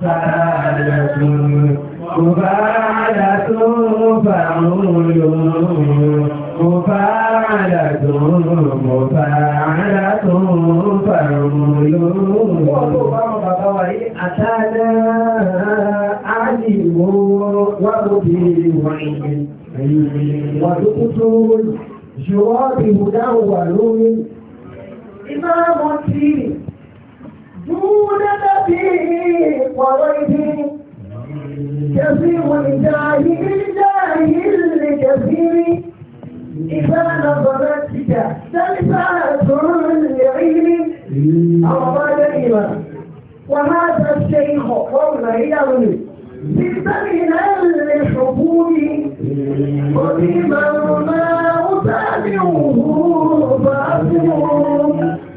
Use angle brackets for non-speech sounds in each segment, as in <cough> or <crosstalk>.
Bàálà tó bàálà tó bàmúlò, mo bàálà tó mo bàálà tó bàmúlò. Wọ́n tó bá wọn bàbá wa yìí, àtàlẹ́ àdìmọ́ wọ́n tó bí wọ́n yìí. Wọ́n tó kú tó wọ́n yìí, ṣùgbọ́n ìbùdá wà lórí. Ìmáàmù tí دون نبيه وغيره كثير الجاهل الجاهل لكثير إذا نظرتك تلفات لعلم أو غير وهذا الشيخ قول يغني بالتمنى لحبوب قديما ما أتابعه فأسمعه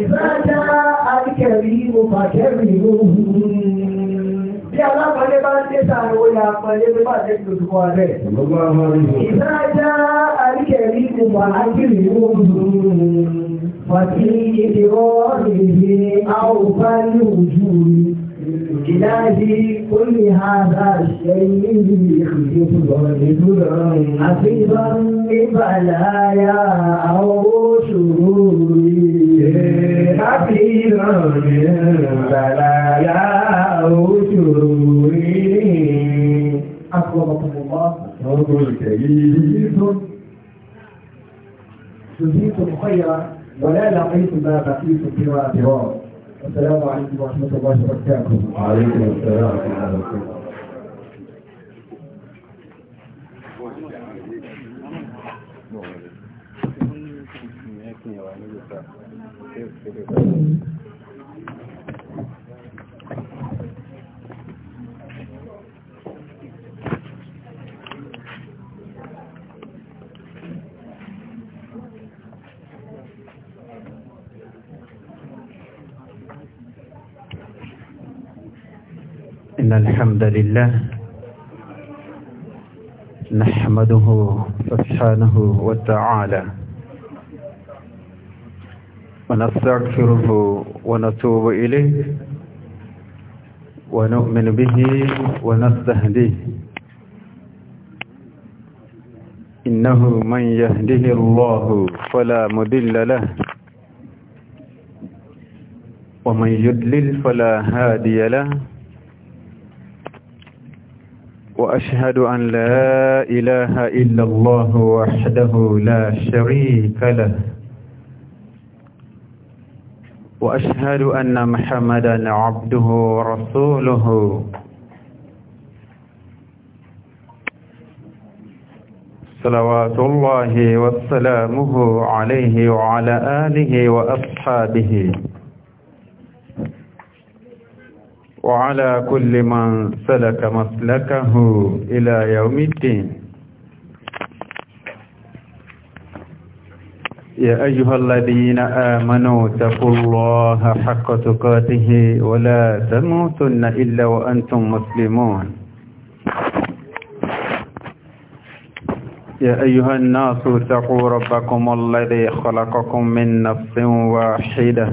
Ìfẹ́ dá àríkẹ̀rí mo bàjẹ́rì lóhùn. Bí alápàdé bá ń dé sàárẹ̀ ó yà pàdé bí bàjẹ́ kí lójúkọ rẹ̀. Ìfẹ́ dá àríkẹ̀rí mo bàjẹ́rì lóhùn. Fàtí ìdíwọ́ ìdí àwòfáàlì òjú rí. إلهي كل هذا الشيء حفيظا لبلايا أو شروري حفيظا لبلايا أو شروري أكرمكم الله رجل كريم تزيد خيرا ولا لقيت ما بقيت سوى ضرار السلام عليكم ورحمة الله وبركاته وعليكم السلام ورحمة الله وبركاته Thank you. إن الحمد لله نحمده سبحانه وتعالى ونستغفره ونتوب إليه ونؤمن به ونستهديه إنه من يهده الله فلا مدل له ومن يدلل فلا هادي له وأشهد أن لا إله إلا الله وحده لا شريك له وأشهد أن محمدا عبده ورسوله صلوات الله وسلامه عليه وعلى آله وأصحابه وعلى كل من سلك مسلكه إلى يوم الدين يا أيها الذين آمنوا اتقوا الله حق تقاته ولا تموتن إلا وأنتم مسلمون يا أيها الناس اتقوا ربكم الذي خلقكم من نفس واحدة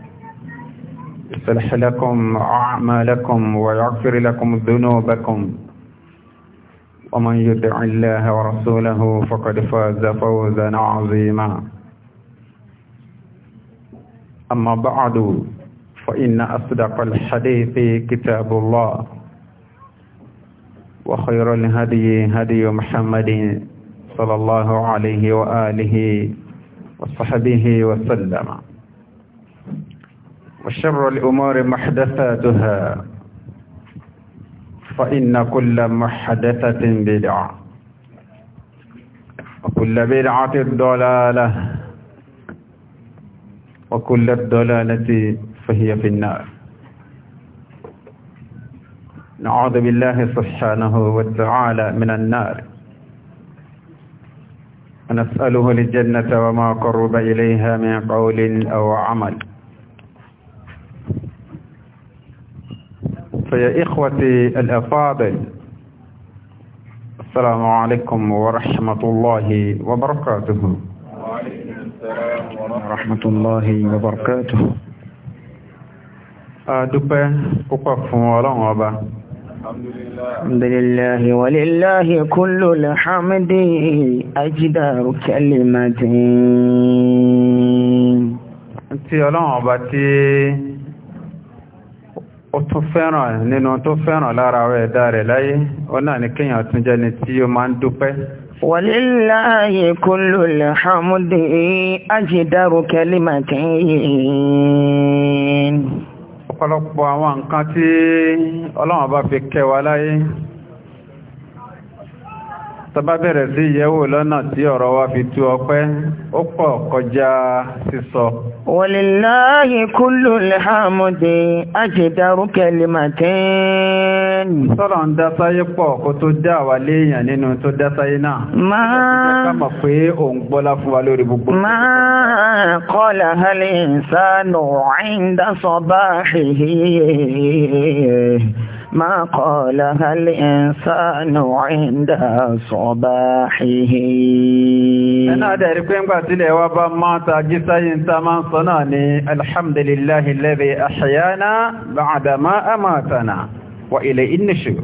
يصلح لكم أعمالكم ويغفر لكم ذنوبكم ومن يدع الله ورسوله فقد فاز فوزا عظيما أما بعد فإن أصدق الحديث كتاب الله وخير الهدي هدي محمد صلى الله عليه وآله وصحبه وسلم وشر الأمور محدثاتها فإن كل محدثة بدعة وكل بدعة ضلالة وكل الضلالة فهي في النار نعوذ بالله سبحانه وتعالى من النار ونسأله الجنة وما قرب إليها من قول أو عمل فيا إخوتي الأفاضل السلام عليكم ورحمة الله وبركاته وعليكم السلام ورحمة الله وبركاته أدوبة أقف ولنغبة الحمد لله ولله كل الحمد أجدار كلمتين أنت يا لنغبتي ó tún fẹ́ràn nínú tó fẹ́ràn lára rẹ̀ ẹ̀dá rẹ̀ láyé ó náà ní kíyàn tún jẹ́ni tí ó máa ń dúpẹ́ wàlíláyé kó ló lè hàmúdé ajídáró kẹlímàtí ọ̀pọ̀lọpọ̀ àwọn nǹkan tí Ọlọ́run bá fi kẹwàá láyé tọba bẹ̀rẹ̀ sí yẹ̀wò lọ́nà tí ọ̀rọ̀ wa fi tú ọpẹ́ ó pọ̀ kọjá sísọ. walillahi kullul hamdi ajdaru kalimatin. sọ̀rọ̀ ń dá pọ̀ kó tó dá àwa léèyàn nínú tó dá náà. máa ká mọ̀ pé òun gbọ́lá fún wa lórí gbogbo. máa qala hal insanu inda sabahihi. ما قالها الإنسان عند صباحه أنا أدري كم قاتل وابا ما تاجسا ينتما صناني الحمد لله الذي أحيانا بعدما أماتنا وإليه النشور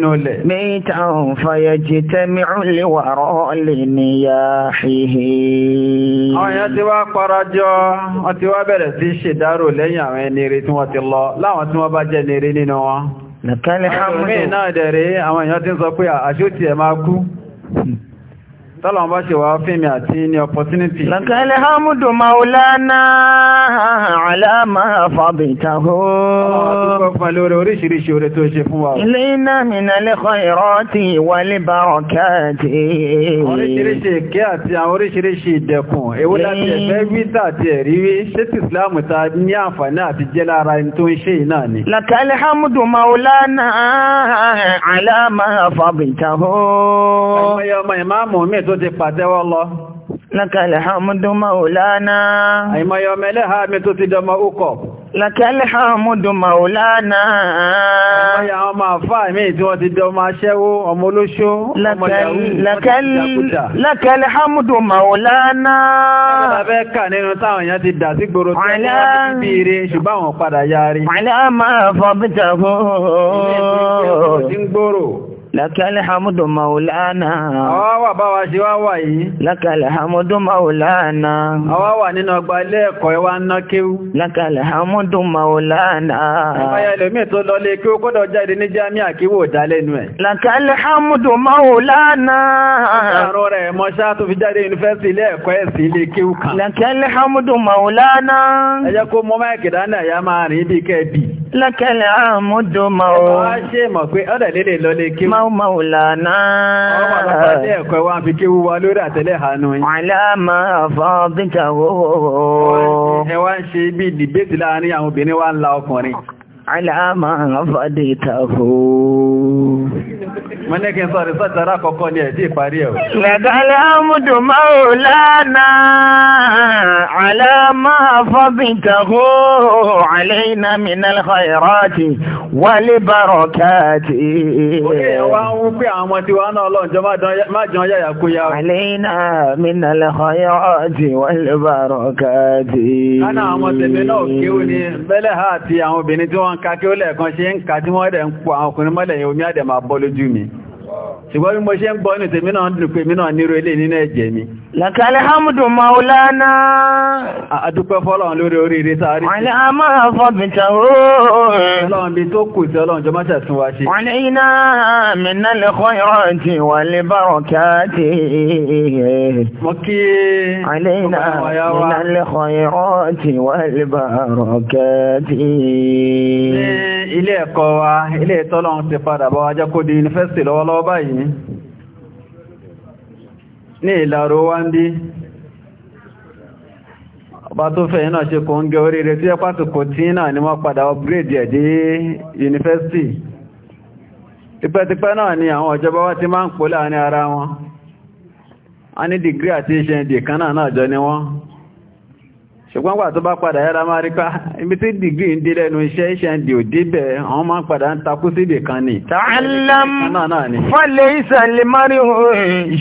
nínú ilẹ̀. mẹ́ta ń fàyà jẹ tẹ́mi ọ̀lẹ́ wà rọ́ọ̀lẹ́ ní ya ṣíhì. àwọn ti wá parajọ wọ́n ti wá bẹ̀rẹ̀ sí ṣèdárò lẹ́yìn àwọn ẹni tí wọ́n ti lọ láwọn tí wọ́n bá jẹ́ ní nínú wọn. nàkàlẹ̀ hàmúdù. àwọn èèyàn náà dẹ̀ rí àwọn èèyàn ti ń sọ pé àṣó tiẹ̀ máa kú tọ́lọ̀ bá ṣe wà fíìmì àti ní opportunity. lọ́kẹ́lẹ̀ hamdu maulana alama fàbìtàhó. ọ̀pọ̀ pẹ̀lú orí oríṣiríṣi orí tó ṣe fún wa. ilé iná mìnàlẹ́ kọ́ ìrọ́tì wal barakati. oríṣiríṣi ìkẹ́ àti àwọn oríṣiríṣi ìdẹ̀kùn ewu láti ẹ̀fẹ́ wíta àti ẹ̀rí wí ṣé ti islam ta ní àǹfààní àti jẹ́ lára ẹni tó ń ṣe iná tó ti pàtẹ́wọ́ lọ. Lákàlẹ̀ hàmúdún maulana. Àìmọ̀yọ̀ mẹ́lẹ́ mi tó ti dọmọ ókọ̀. Lákàlẹ̀ hàmúdún maulana. Àìmọ̀yọ̀ àwọn máa fà mí tí Lákàlẹ̀ hàmúdún maulana. Lákàlẹ̀ Hamudu Maulana. Àwa wà bá wa ṣe wá wà yìí. Lákàlẹ̀ Hamudu Maulana. Àwa wà nínú ọgbà ilé ẹ̀kọ́ ìwà ń ná kéwú. Lákàlẹ̀ Hamudu Maulana. Àyà ẹlòmíì tó lọ lé kéwú kódà jáde ní Jamiu Akiwo dá lẹ́nu ẹ̀. Lákàlẹ̀ Hamudu Maulana. Àrùn rẹ̀ mọ́ṣá tó fi jáde yunifásitì ilé ẹ̀kọ́ ẹ̀sìn ilé kéwú maulana. Ọmọ àlọ́pàá ilé ń ṣe bí dìbéètì láàárín àwọn obìnrin wa ń la ọkùnrin aláàmà àfàdé ìtàkó. Mo ní kí n sọ̀rọ̀ sọ́tara kọ̀kọ́ ní ẹ̀dí ìparí ẹ̀. Lẹ̀kálẹ̀ àmúdù máa lánàá, aláàmà àfàdé ìtàkó, àlẹ́yìnà mìnàlẹ́kọ̀ ìrọ́tì, wálé bàrọ̀ káàtì. Oye, wá ń ka kí ó lẹ́ẹ̀kan ṣe ń ka tí wọ́n rẹ̀ ń pọ̀ àwọn ọkùnrin mọ́lẹ̀ yẹn omi àdẹ̀mà bọ́ lójú mi ṣùgbọ́n bí mo ṣe ń bọ́ ní tèmi náà ń dùn pé mi nírò ilé nínú ẹ̀jẹ̀ mi Lakal hamdu maulana. Àdúpẹ́ fọ́lọ̀n lórí oríire sáàrí. Wọ́n lè a máa fọ́bìntà ooo. Ọlọ́run bí tó kù sí ọlọ́run jọ máṣẹ̀ tún wá ṣe. Wọ́n lè iná mìíràn lè kọ́ ìrántí wà lè bárọ̀ káàtì. Mọ́ kí mìíràn lè kọ́ ìrántí wà lè bárọ̀ káàtì ní ìlàrò wá ń bí ọba tó fẹ́ iná ṣe kò ń gẹ oríire tí ẹpàtù kò tí náà ni wọ́n padà upgrade ẹ̀ dé yunifásitì tipẹ́tipẹ́ náà ni àwọn ìjọba wá ti máa ń pò láàrin ara wọn a ní dìgírí àti iṣẹ́ ìdìkan náà náà jọ ni wọ́n ṣùgbọ́n wà tó bá padà yára máa rí pa ah, ibi tí dìgí ń dé lẹ́nu iṣẹ́ iṣẹ́ ń di òdí bẹ̀ wọ́n máa padà ń takú síbì kan ni. ta'allam falaysa al-mar'u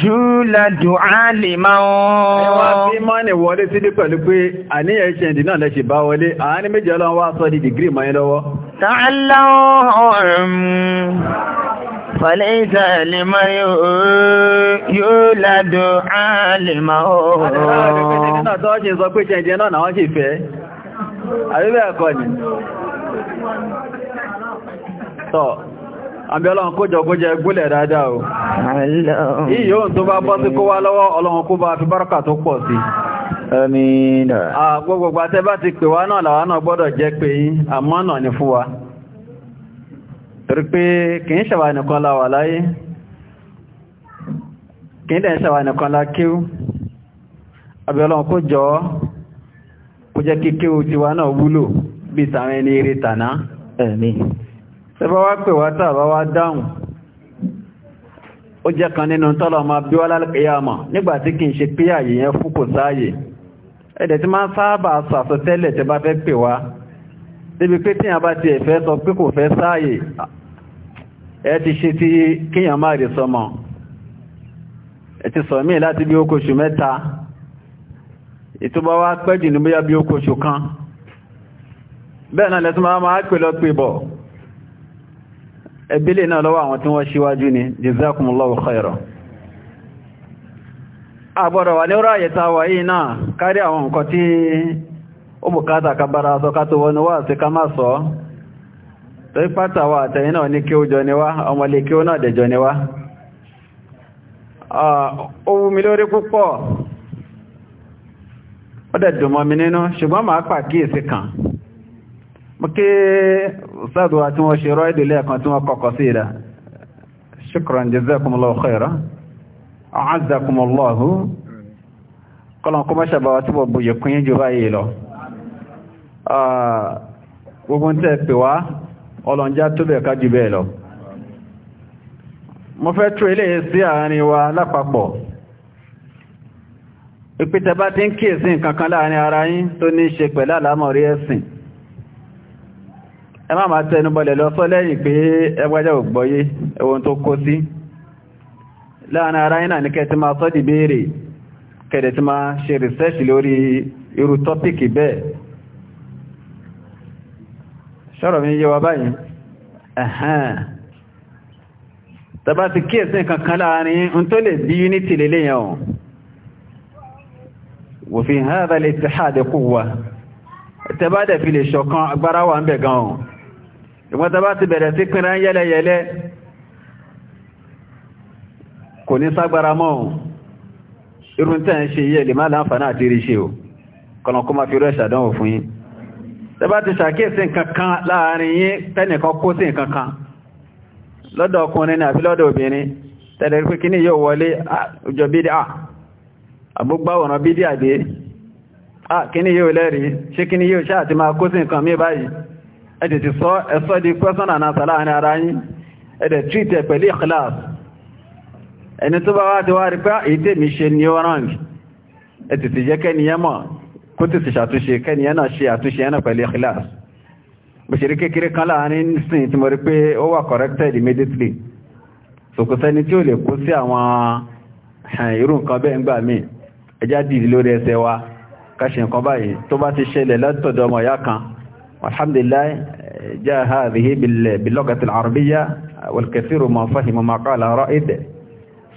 júlàdù àlìmá wọn. ẹ wá sí mọ́ni wọlé sílé pẹ̀lú pé àníyàn iṣẹ́ ìdí náà lẹ́ ṣe bá wọlé àárín méjì تعلوهم فليس لمن يولد عالما Àríwẹ̀ àbí ọlọ́run kó jọ gójẹ gúlẹ̀ dáadáa o iye ohun tó bá bọ́ sí kó wá lọ́wọ́ ọlọ́run kó bá fi bárọ́kà tó pọ̀ sí àmín gbogbogbà tẹ́ bá ti pè wá náà làwa náà gbọ́dọ̀ jẹ́ pé yín àmọ́nà ni fún wa torí pé kì í ṣàwà nìkan la wà láyé kì í dẹ̀ ṣàwà nìkan la kíw àbí tẹba wá pè wá tàbá wá dáhùn ó jẹ́ kan nínú tọ́lọ ma bí wá lálẹ́kẹ̀yàmà nígbàtí kìí ṣe pé àyè yẹn fún kò sáàyè ẹ̀dẹ̀ tí máa sáábà sàsọ tẹ́lẹ̀ tẹba fẹ́ pè wá débi pé tí yàn bá ti ẹ̀fẹ́ sọ pé kò fẹ́ sáàyè ẹ ti ṣe ti kíyàn máa rí sọmọ ẹ ti sọ mí láti bí okoṣù mẹ́ta ìtúbọ̀ wá pẹ́jù ní bóyá bí okoṣù kan bẹ́ẹ̀ náà lẹ́tún máa máa pè lọ pè bọ̀ ẹbílẹ̀ náà lọ́wọ́ àwọn tí wọ́n ṣíwájú ni jazakumullahu khairan àgbọ̀dọ̀ wà ní ọ̀rọ̀ àyẹta wà yìí náà kárí àwọn nǹkan tí ó bùkátà kabara sọ ká tó wọnú wà sí ká má sọ tó pátà wà àtẹ̀yìn náà ní kí ó jọ níwá ọmọlé kí ó náà dẹ̀jọ níwá ó mi lórí púpọ̀ ó dẹ̀ dùn mi nínú ṣùgbọ́n màá pàkíyèsí kan mọ́kí sáàdùwà tí wọ́n ṣe rọ́ìdì lẹ́ẹ̀kan tí wọ́n kọ̀kọ̀ sí ìdá ṣíkran jazakumullahu khaira a'azzakumullahu kọlọ̀n kọmọ́ ṣàbáwà tí bọ̀bù yẹ kún yíjọ báyìí lọ gbogbo tẹ́ pè wá ọlọ́njá tó bẹ̀ ká jù bẹ́ẹ̀ lọ mo fẹ́ tó ilé sí àárín wa lápapọ̀ ìpìtẹ̀ bá ń kíyèsí nǹkan kan láàárín ara yín tó ní ṣe pẹ̀lú àlámọ̀rí ẹ̀sìn ẹ má máa tẹnu bọlẹ̀ lọ sọ lẹ́yìn pé ẹgbẹ́jẹ́ ògbọ́yé ohun tó kó sí láàrin ara yínà ní kẹtí máa sọ́dì béèrè kẹ̀dẹ̀ tí máa ṣe rìsẹ́ṣì lórí irú tọ́pìkì bẹ́ẹ̀ ṣọ́rọ̀ mi yé wa báyìí ẹ̀hẹ́n tàbá ti kíyèsí kankan láàrin wa tẹ́bá ìwọ́n tàbá ti bẹ̀rẹ̀ sí pínra yẹ́lẹ̀yẹ́lẹ́ kò ní ságbára mọ́ irun tẹ́ ń ṣe yẹ́ lè máa láǹfà náà ti rí ṣe o kọ̀nàkó ma fi rẹ̀ ṣàdánwò fún yín tàbá ti ṣàkíyèsí nǹkankan láàrin yín tẹ́nìkan kó sí nǹkankan lọ́dọ̀ ọkùnrin ni àfi lọ́dọ̀ obìnrin tẹ́lẹ̀ pé kí ní yóò wọlé ọjọ́ bídí ẹ̀dẹ̀ ti sọ ẹ̀sọ́ di pẹ́sọ́nà náà sàláàrin ara yín ẹ̀dẹ̀ tríìtẹ̀ pẹ̀lú ìkìláàs ẹni tó bá wá ti wá rí pé ah, ètè mi ṣe ní orang ẹ̀tẹ̀ ti jẹ́ kẹ́niyàn mọ̀ kó ti ti ṣàtúnṣe kẹ́niyàn náà ṣe àtúnṣe ẹ̀nà pẹ̀lú ìkìláàs immediately so kò sẹ́ni tí eh, wa ká ṣe nǹkan báyìí tó bá ti ṣẹlẹ̀ látọ̀dọ̀ ọmọ والحمد لله جاء هذه باللغة العربية والكثير ما فهم ما قال رائد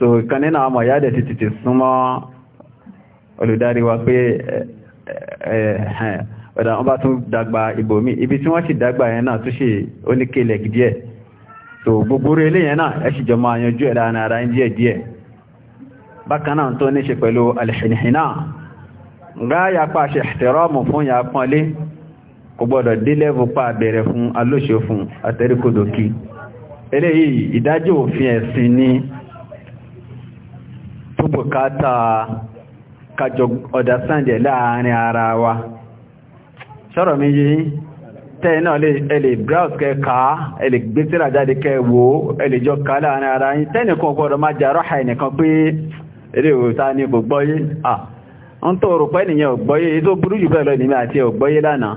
so kan nínú àwọn ìyá àdẹ̀ ti tètè súnmọ́ olùdarí wa pé ọ̀dà wọn bá tún dàgbà ìbòmí ibi tí wọ́n sì dàgbà yẹn náà tún ṣe oníkèlẹ̀ díẹ̀ so gbogbo orí ilé yẹn náà ẹ̀ṣì jọmọ àyànjú ẹ̀rà ara ń díẹ̀ díẹ̀ bákan náà tó ní ṣe pẹ̀lú alìṣìnìṣìnà gáyà kò gbọ́dọ̀ délẹ́bù pa àbẹ̀rẹ̀ fún alóṣe fún àtẹ́ríkòdòkí eléyìí ìdájọ́ òfin ẹ̀sìn ní túbùkátà kájọ ọ̀dásánjẹ̀ láàrin ara wa ṣọ́rọ̀ mi yìí tẹ́yìn náà ẹlẹ̀ browse kẹ́ẹ̀ká ẹlẹ̀ gbé tíra jáde kẹ́ẹ̀wò ẹlẹ̀ jọ ká láàrin ara yìí tẹ́nìkan gbọ́dọ̀ má jà rọ́hà ẹnìkan pé eré ni kò gbọ́yé ah ń tó rò pẹ́ nìyẹn ò gbọ́yé tó burú jù bẹ́ẹ̀ lọ nìyẹn àti ò lánàá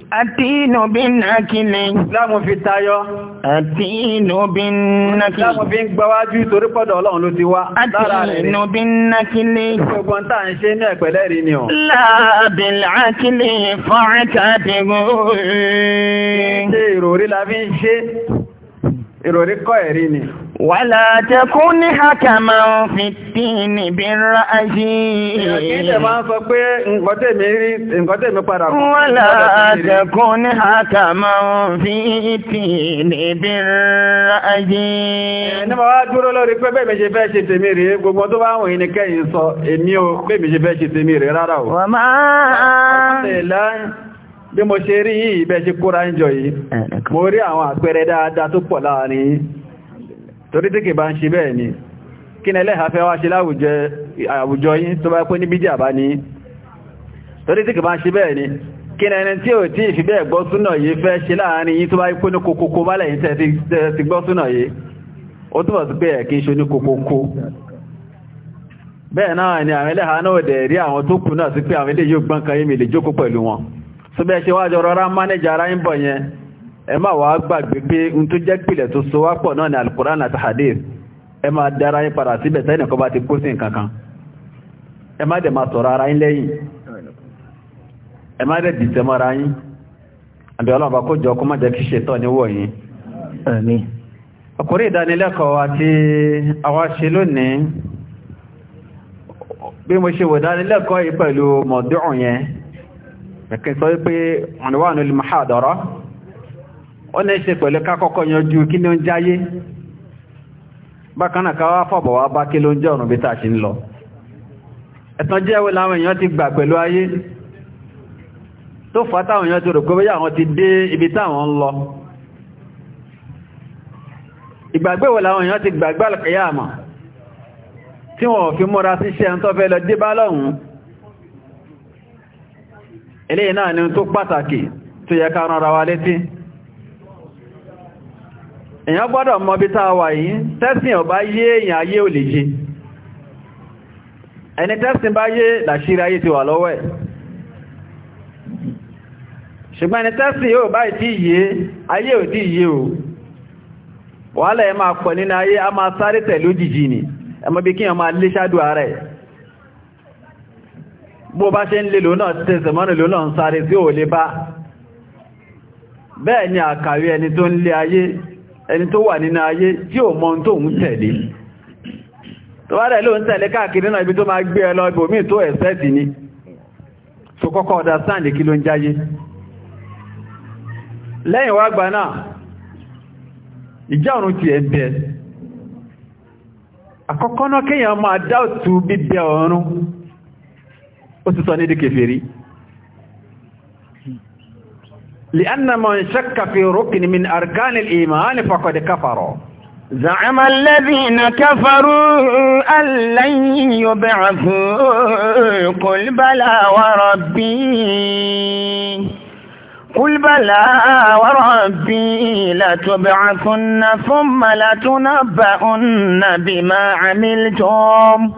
Àtínú bí nákìlẹ̀. Láàmù fi tayọ. Àtínú bí nákìlẹ̀. Láàmù fi ń gbáwájú torí pọ́dọ̀ ọlọ́run ló ti wá. Àtínú bí nákìlẹ̀. Gbogbo tá à ń ṣe ní ẹ̀pẹ̀lẹ́ rí ni ọ̀. Láàbìlì àkìlẹ̀ Ṣé ìròrí la fi ń ṣe? Ìròrí kọ́ ẹ̀rí ni. Wàlá tẹkún ní àkàmà òfin tí ní bí rá ayé. Ìyàkílẹ̀ ní tí ní bí rá Ẹni ma wá dúró lórí pé gbogbo tó bá sọ, o, fẹ́ ṣe o. bí mo ṣe rí kóra ń jọ yìí mo rí àwọn àpẹẹrẹ torí tí kì bá ń ṣe bẹ́ẹ̀ ni kí ni ẹlẹ́ha fẹ́ wá ṣe láwùjọ yín tó bá pé ní bídíà bá ní torí tí kì bá ń ṣe bẹ́ẹ̀ ni kí ni ẹni tí ò tí ìfi bẹ́ẹ̀ gbọ́ súnà yìí fẹ́ ṣe láàrin yín tó bá pé ní kokoko bá lẹ́yìn tẹ́ ti gbọ́ yìí ẹ má wàá gbàgbé pé n tó jẹ́ pìlẹ̀ tó so wá pọ̀ náà ní alukur'an àti hadith ẹ má dára yín padà síbẹ̀ sẹ́yìn kan bá ti kó sí nǹkan kan ẹ má dẹ̀ máa sọ̀rọ̀ ara yín lẹ́yìn ẹ má dẹ̀ dìtẹ̀ mọ́ra yín àbí ọlọ́ọ̀bá kó jọ kó má jẹ́ kí ṣètọ́ níwọ̀ yín. ọkùnrin ìdánilẹ́kọ̀ọ́ àti àwa lónìí bí mo ṣe wò dánilẹ́kọ̀ọ́ yìí pẹ̀lú mọ̀dúnrún yẹn ẹ̀kẹ́ sọ wípé ọ̀nà wà mahadara ọ̀nà ìṣe pẹ̀lú kákọ́kọ́ yanjú kí ní ó ń jáyé bákanáà ká wá fọ̀bọ̀ wá bá kí ló ń jẹ́ ọ̀rùn bí tàà ṣe ń lọ ẹ̀tàn jẹ́ ẹwẹ́ láwọn èèyàn ti gbà pẹ̀lú ayé tó fà èèyàn ni tó pàtàkì tó yẹ ká rán ra wa létí èyàn gbọ́dọ̀ mọ̀ bí tá a wà yìí tẹ́sìn ọba yé èyàn ayé ò lè ṣe ẹni tẹ́sìn bá yé làṣírí ayé ti wà lọ́wọ́ ẹ̀ ṣùgbọ́n ẹni tẹ́sìn yóò bá ìtí yé ayé ò tí yé o wàhálà ẹ máa pọ̀ nínú ayé a máa sáré tẹ̀lú jìjì ni ẹmọ bí kíyàn bẹ́ẹ̀ ni àkàrí ẹni tó ń lé ayé ẹni tó wà nínú ayé tí ò mọ̀ tó ń tẹ̀lé tó bá rẹ̀ ló ń tẹ̀lé káàkiri náà ibi tó máa gbé ẹlọ ibò míì tó ẹ̀sẹ́dì ni tó kọ́kọ́ ọ̀dá sáàndì kí ló ń jáyé lẹ́yìn wá gbà náà ìjá ọ̀run ti ẹ̀bẹ̀ àkọ́kọ́ náà kéèyàn máa dáòtú bíbẹ̀ ọ̀run ó ti sọ ní kèfèrí لأن من شك في ركن من أركان الإيمان فقد كفر زعم الذين كفروا أن لن يبعثوا قل بلى وربي قل بلى وربي لتبعثن ثم لتنبؤن بما عملتم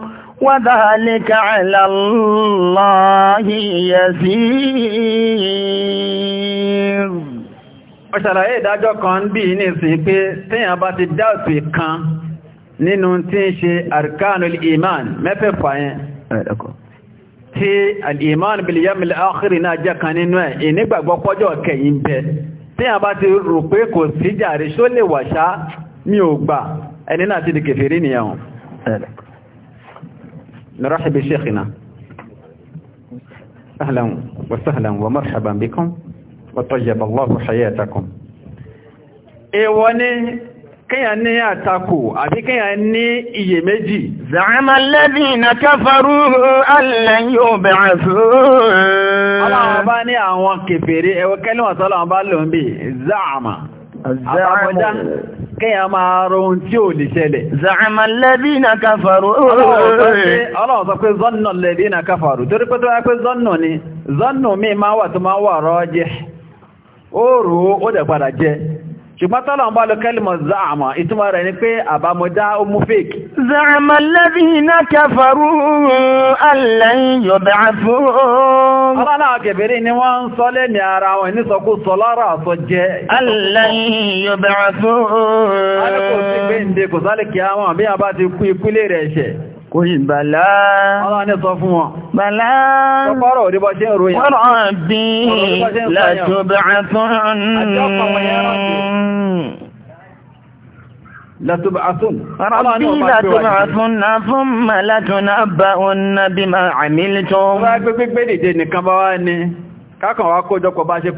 وذلك على الله يسير Ọ̀ṣàlàyé ìdájọ́ kan ń bí ní ìsìn pé tíyàn bá ti dáàtì kan nínú tí ń ṣe Arkanul Iman mẹ́fẹ̀fà yẹn. Tí Al-Iman bil Yawmil Akhir náà jẹ́ kan nínú ẹ̀, ìnígbàgbọ́ pọ́jọ́ kẹ̀yìn bẹ. Tíyàn bá ti rò pé kò sí jàrí ṣó lè wàṣá mi ò gbà, ẹni náà ti di kèfèrí nìyẹn. نرحب بشيخنا أهلا وسهلا ومرحبا بكم وطيب الله حياتكم èèwọ̀ ni kíyàn ní àtakò àbí kíyàn ní iyèméjì. zàmà lẹ́dìnà káfàrú alẹ́ yóò bẹ̀rẹ̀ fún. ọlọ́run bá ní àwọn kèfèrè ẹwọ́kẹ́lẹ́wọ̀n tọ́lọ́run bá lòun bí zàmà. àtàkọjá kéèyàn máa ro ohun tí ò lè ṣẹlẹ̀. za'ama alladhina kafaru. ọlọ́run sọ pé zọ́nà alladhina kafaru torí pé tó wá pé zọ́nà ṣùgbọ́n tọ́lọ̀ ń bá lọ kẹ́lìmọ̀ záàmà ìtumọ̀ rẹ̀ ni pé àbámọ́dá ó mú fèkì. záàmà alladhina kafaru allan yub'athu. ọlọ́nà kẹfẹ́rí ni wọ́n ń sọ lẹ́mì ara wọn kò yí bàlá ọlọ́ni sọ fún wọn bàlá ọpọ́rọ̀ òdíbọ́ ṣe ń ròyìn ọ̀rọ̀ bí látúbàtún rọ̀bí látúbàtún na fún màlátún àbá ọ̀nà bí ma àmìlítọ́ wọ́n gbé gbé dìde nìkan bá wá ní kákan wá kójọpọ̀ bá ṣe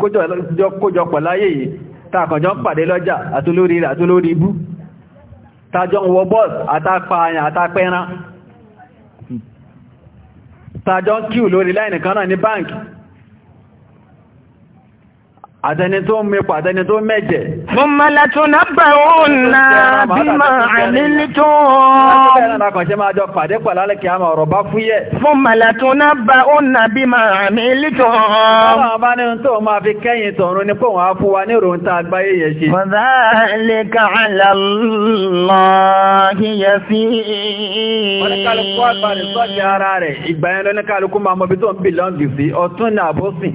kójọpọ̀ láyé yìí tàkànjọ́ pàdé lọ́jà àtúlórí àtúlórí ibú tàjọ wọ bọ́ọ̀sì àtàpààyàn àtàpẹ́ran tàjọ ń kíù lórí láìnìkan náà ní báǹkì àtẹni tó ń mipò àtẹni tó mẹ́jẹ̀. mọ́mọ́lá tó nábà òun náà bí máa àlílí tó ọ̀rọ̀. lákànṣe máa jọ pàdé pàlá lẹ́kẹ̀ẹ́ àmà mọ́mọ́lá tó nábà òun náà bí máa àlílí tó ọ̀rọ̀. ọlọ́run tó máa fi kẹ́yìn tọ̀run ni pé wọ́n á fún wa ní ìròyìn tá a gbáyé yẹn ṣe. fadhalika ala Allahi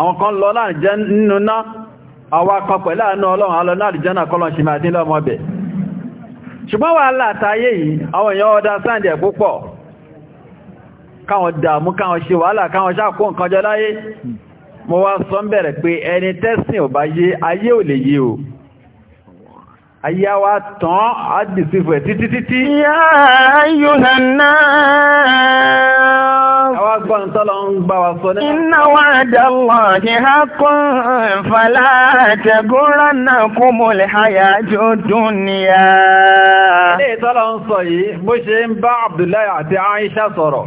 àwọn kan lọ láàrìjẹ́ nínú náà àwakọ̀ pẹ̀lú àánú ọlọ́run alọ láàrìjẹ́ náà kọ́lọ̀ ṣe máa dín ṣùgbọ́n wà látàáyé yìí àwọn èèyàn ọdá sáàndì ẹ̀ púpọ̀ káwọn dààmú ṣe wàhálà Inna agbọ́n tọ́lọ ń gbà wà sọ náà. Inna wa'dallahi haqqun fala taghurrannakumul hayatud dunya. Ilé ìtọ́lọ ń sọ yìí, bó ṣe ń bá Abdullahi àti Aisha sọ̀rọ̀.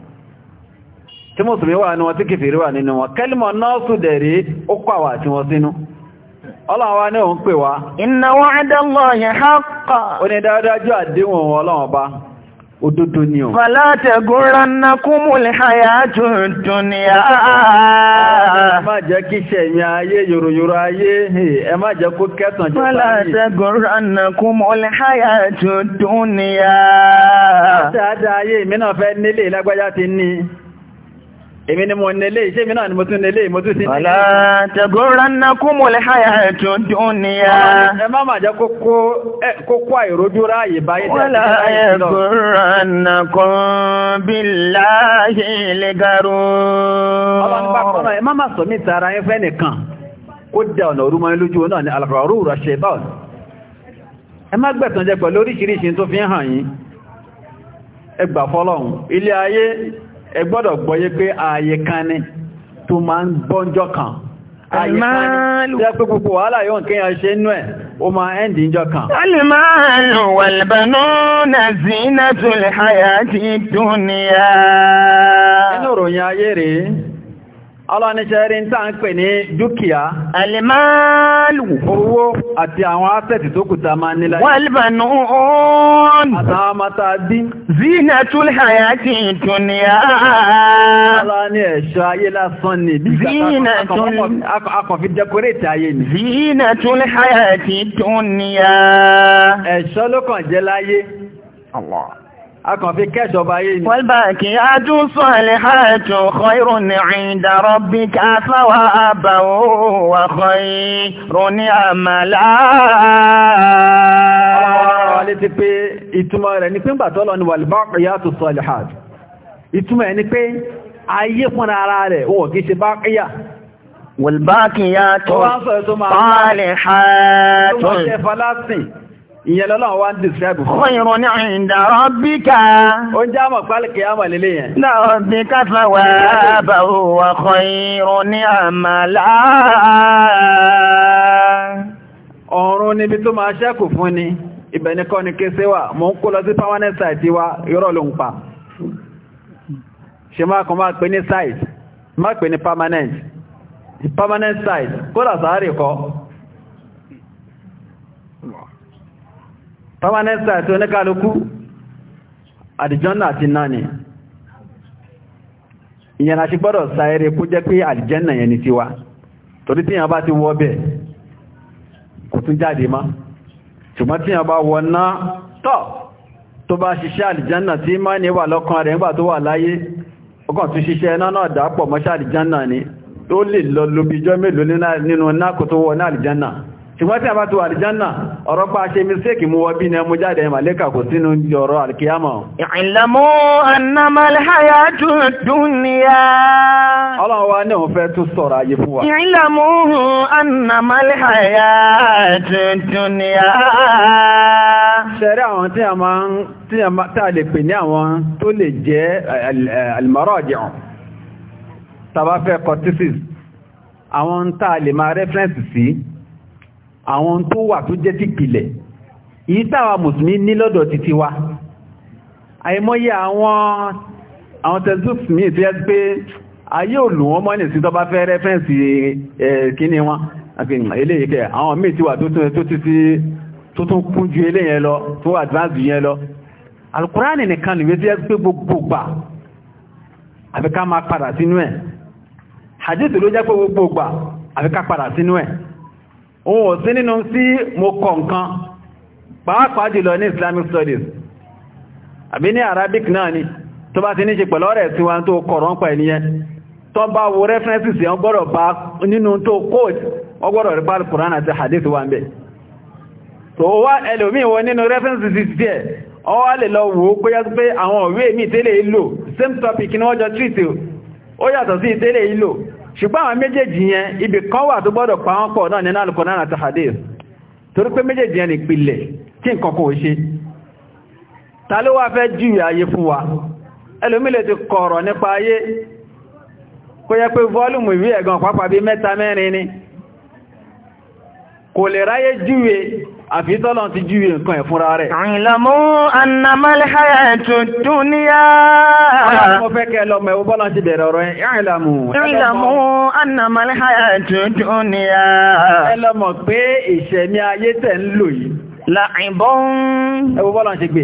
tí mùsùlùmí wà ní wọn tí kèfèrí wà nínú wọn kẹ́lìmọ̀ náà sùdẹ̀rí ó pàwà tí wọ́n sínú ọlọ́wà ní òun pè wá inna wa'dallahi haqqan ó ní dáadájú àdéhùn ọlọ́wọ̀n bá òdodo ni o. Fala taghurrannakumul èmi ni mo nílé iṣẹ́ mi náà ni mo tún nílé mo tún sí nílé. ọ̀la tẹ̀gọ́rọ̀ ná kó mo lè háyà ẹ̀tún ní ya. ẹ má jẹ́ kókó àìròdúrà àìrójú ráàyè báyìí. ná kó bí láàyè lè garú. sọ ẹ gbọ́dọ̀ gbọ́yé pé ààyè kan ni tó máa ń gbọ́njọ́ kan ààyè kan ni tí a ó máa ẹ́ndì ìjọ kan. Alìmáàlù wàlbànú na zínà tó lè háyà ti dúnìyà. Inú ìròyìn ayé rèé. Ọlọ́niṣẹ́ rí ń tàà ń pè ní dúkìá. Àlìmáàlù. Owó àti àwọn asẹ́tì tó kùta máa nílá. Wàlìbànú òun. Àtàwọn mata bí. Zina tún hàyà ti ìtùnìyà. Ọlọ́ni ẹ̀ṣọ́ ayé lásán ni. Zina tún. Akọ̀fi dẹkọrétì Zina tún hàyà ti ìtùnìyà. jẹ́ Allah akànfi kẹ́jọba yé ni. wọ́n bá kí a tún sọ ilẹ̀ àjò khairun ní inda rabbika sáwà àbàwò wà khairun ní àmàlà. ọ̀rọ̀ wa létí ń gbàtọ́lọ ni wal-baqiyatu salihat wọ́n kì í ìyẹn lọ́lọ́wọ́ wá ń describe fún. Khayrun 'inda rabbika. Ó jẹ́ àmọ̀ pálíkì àmọ̀ lílé yẹn. Rabbika thawabahu wa khayrun amala. Ọ̀run níbi tó máa ṣẹ́kù fún ni, ibẹ̀ ní kọ́ ni ké sí wà, mò ń kó lọ sí permanent site wa, yọ́rọ̀ ló ń permanent, permanent site, kódà sáárì pàwánẹ́sà tó ní kálukú àdìjọ́nà àti náà ni ìyẹn àti gbọ́dọ̀ sáyẹ́rẹ́ kó jẹ́ pé àdìjẹ́nà yẹn ni ti wá torí tíyàn bá ti wọ bẹ̀ kò tún jáde má ṣùgbọ́n tíyàn bá wọ náà tọ́ tó bá ṣiṣẹ́ àdìjẹ́nà tí má ní wà lọ́kàn rẹ̀ nígbà tó wà láyé ọkàn tún ṣiṣẹ́ náà dápọ̀ mọ́ṣẹ́ àdìjẹ́nà ni tó lè lọ lóbi ijọ́ mélòó nínú náà kò tó wọ náà àdìjẹ́nà ṣùgbọ́n tí a bá ti ọ̀rọ̀ pa ṣe mistake mú wọ́bí ní ẹmú jáde ìmàlẹ́kà kò sínú ọ̀rọ̀ alkiyama ìlàmú annamalhaya dúnníyà ọlọ́run wa ní òun fẹ́ tún sọ̀rọ̀ ayé fún wa ìlàmú annamalhaya dúnníyà a máa ń tí a lè pè ní tàbá eh, fẹ́ kọtísìs àwọn tá a lè máa rẹ́fẹ́rẹ́nsì sí àwọn tó wà tó jẹ́ ti pìlẹ̀ yìí táwa mùsùlùmí ní lọ́dọ̀ títí wa àìmọye àwọn àwọn textbooks mi tó yẹ́ pé ayé òlù wọn mọ́ ní sí tọ́bá fẹ́ rẹ́fẹ́ǹsì kíní wọn eléyìíkẹ́ àwọn míì ti wà tó tún kún ju eléyẹn lọ tó advance yẹn lọ alukurani nìkan nìwé tó yẹ́ pé gbogbo gbà àfi máa padà sínú ẹ̀ hadith ló jẹ́ pé gbogbo gbà àfi padà sínú ẹ̀ òun ò sí nínú sí mo kọ̀ nǹkan pàápàá jùlọ ní islamic studies àbí ní arabic náà ni tó bá ti ní ṣe pẹ̀lú sí wa tó kọ̀rọ̀ ń pa ènìyàn tó bá wo references yẹn bá nínú tó rí kùránà àti hadith wa ń bẹ̀ so wá ẹlòmí wọ references ọ mi same topic ṣùgbọ́n àwọn méjèèjì yẹn ibi kan wà tó gbọ́dọ̀ pa wọ́n pọ̀ náà nínú Al-Qur'an àti hadith torí pé méjèèjì yẹn nìpìlẹ̀ tí nǹkan kò ṣe ta ló wá fẹ́ jù ayé fún wa ẹlòmílẹ̀ ti kọ̀ọ̀rọ̀ nípa ayé kó yẹ pé fọ́lùmù ìwé ẹ̀gàn mẹ́ta ni kò lè ráyé júwe àfi tọ́lọ̀ ti jú nǹkan ẹ̀ fúnra rẹ̀. ìlàmú annamal hayatud dunya. mo fẹ́ kẹ́ lọ mẹ́wọ́ bọ́lá ti bẹ̀rẹ̀ ọ̀rọ̀ yẹn ìlàmú. ìlàmú annamal hayatud pé ìṣẹ̀mí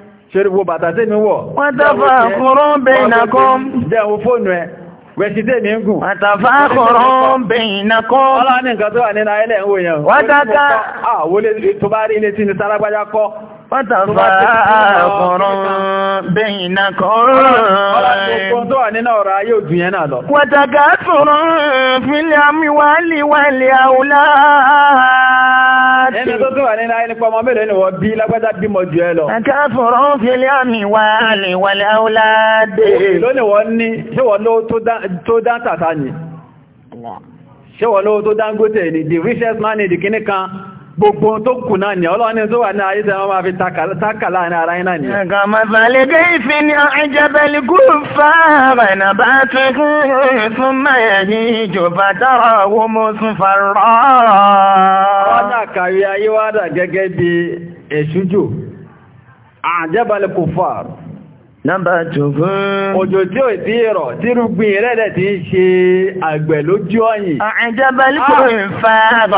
ṣerúgbò bàtà tí mi wọ̀. wọ́n tàfà àkùrọ̀ bẹ̀yìnàkọ́m. jẹ́ o fóònù ẹ wẹ̀sí tí ń gùn. wọ́n tàfà àkùrọ̀ bẹ̀yìnàkọ́m. ọlá ní nǹkan tó wà nínú ayẹ́lẹ̀ ń wò wọ́n tàkà. àwọlé tó bá rí ilé ní sárágbájá kọ́. wọ́n tàfà àkùrọ̀ bẹ̀yìnàkọ́m. náà lọ. wọ́n ẹni tó tún wà nínú ayé nípa ọmọ mélòó ni wọ́n bí lágbádá bímọ jù ẹ lọ. àkáfọ̀rọ̀ ń fi lé àmì wà lè wàlẹ̀ àwòládé. lónìí ni the richest man in the kìnnìkan gbogbo tó kù náà ni ọlọ́ni tó wà ní ayé tẹ́wọ́n máa fi takàlá ní ara iná ni. ẹ̀gàmà fàlẹ́dẹ́ ìfẹ́ ni ìjẹ́bẹ̀lẹ̀ kú fàárà ìnàbà tún kú fún ìjọba owó mọ́ ayé wádà gẹ́gẹ́ bí èṣújò kò Nọ́mbà tòfún. Òjò tí ò tí rọ̀ tí rúgbìn rẹ̀dẹ̀ ti ń ṣe àgbẹ̀ lójú ọ̀yìn. Àìjọba lípò ń fa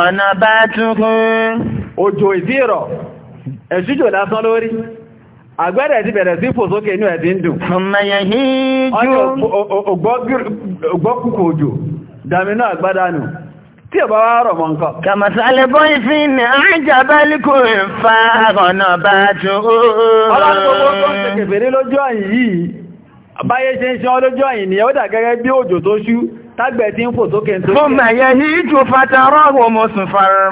ọ̀nà bá túnkún. Òjò ìdí rọ̀, ẹ̀ṣújò lásán lórí. Àgbẹ̀rẹ̀ ti bẹ̀rẹ̀ sí fò sókè inú ẹ̀ dùn. tí ò bá wá rọ̀ mọ́ nǹkan. kàmàtàlẹ̀ bọ́yì fi ní àjà bálíkù ìfà ọ̀nà bá tún ó. ọlọ́run gbogbo tó ń ṣe kèfèrè lójú ọ̀yìn yìí báyé ṣe ń ṣe ọ́ lójú ọ̀yìn nìyẹn ó dà gẹ́gẹ́ bí òjò tó ṣú tágbẹ̀ tí ń fò sókè tó ṣe. Fún mẹ̀yẹ ní ìjù fatarọ́ wo mo sùn fàrọ̀.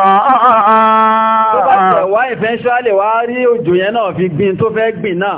Tó bá tẹ̀ wá ìfẹ́ṣọ́ lè wá rí òjò yẹn náà fi gbin tó fẹ́ gbìn náà.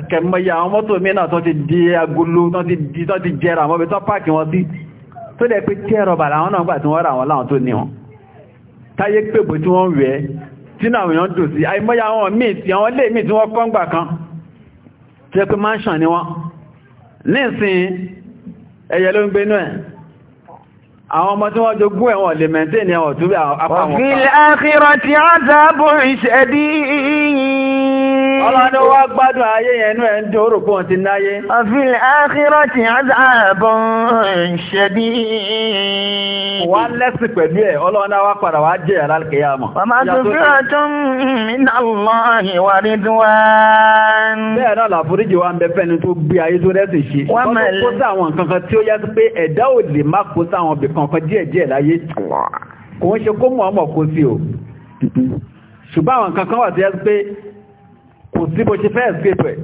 akẹmọye àwọn mọ́tò mìíràn tó ti di agolo tó ti jẹrà àwọn obìnrin tó pààkì wọn sí tó lẹ́ pé tẹ́rọba àwọn náà gbà tí wọ́n rà wọn láwọn tó ní wọn táyé pèbò tí wọ́n rẹ̀ tínú àwọn àwọn míì tí wọ́n kọ́ ńgbà kan tí ẹ ni wọ́n nísìn ẹyẹ ló ń gbé inú ẹ̀ tí wọ́n jogún ẹ̀wọ̀n lè Ọlọ́ni wá gbádùn ayé yẹn inú ẹ̀ ń dùn orùkú ti náyé. Àfil akhirati azabun shadi. Wà lẹ́sìn pẹ̀lú ẹ̀, ọlọ́ni wá padà wá jẹ́ yàrá wa ridwan. Bẹ́ẹ̀ náà làforíjì wa ń bẹ fẹ́ni tó gbé Kò ń ṣe kó mọ̀ ọmọ kó sí o. Ṣùgbọ́n àwọn kankan wà tó yá pé kò sí bó ṣe fẹ́ escape ẹ̀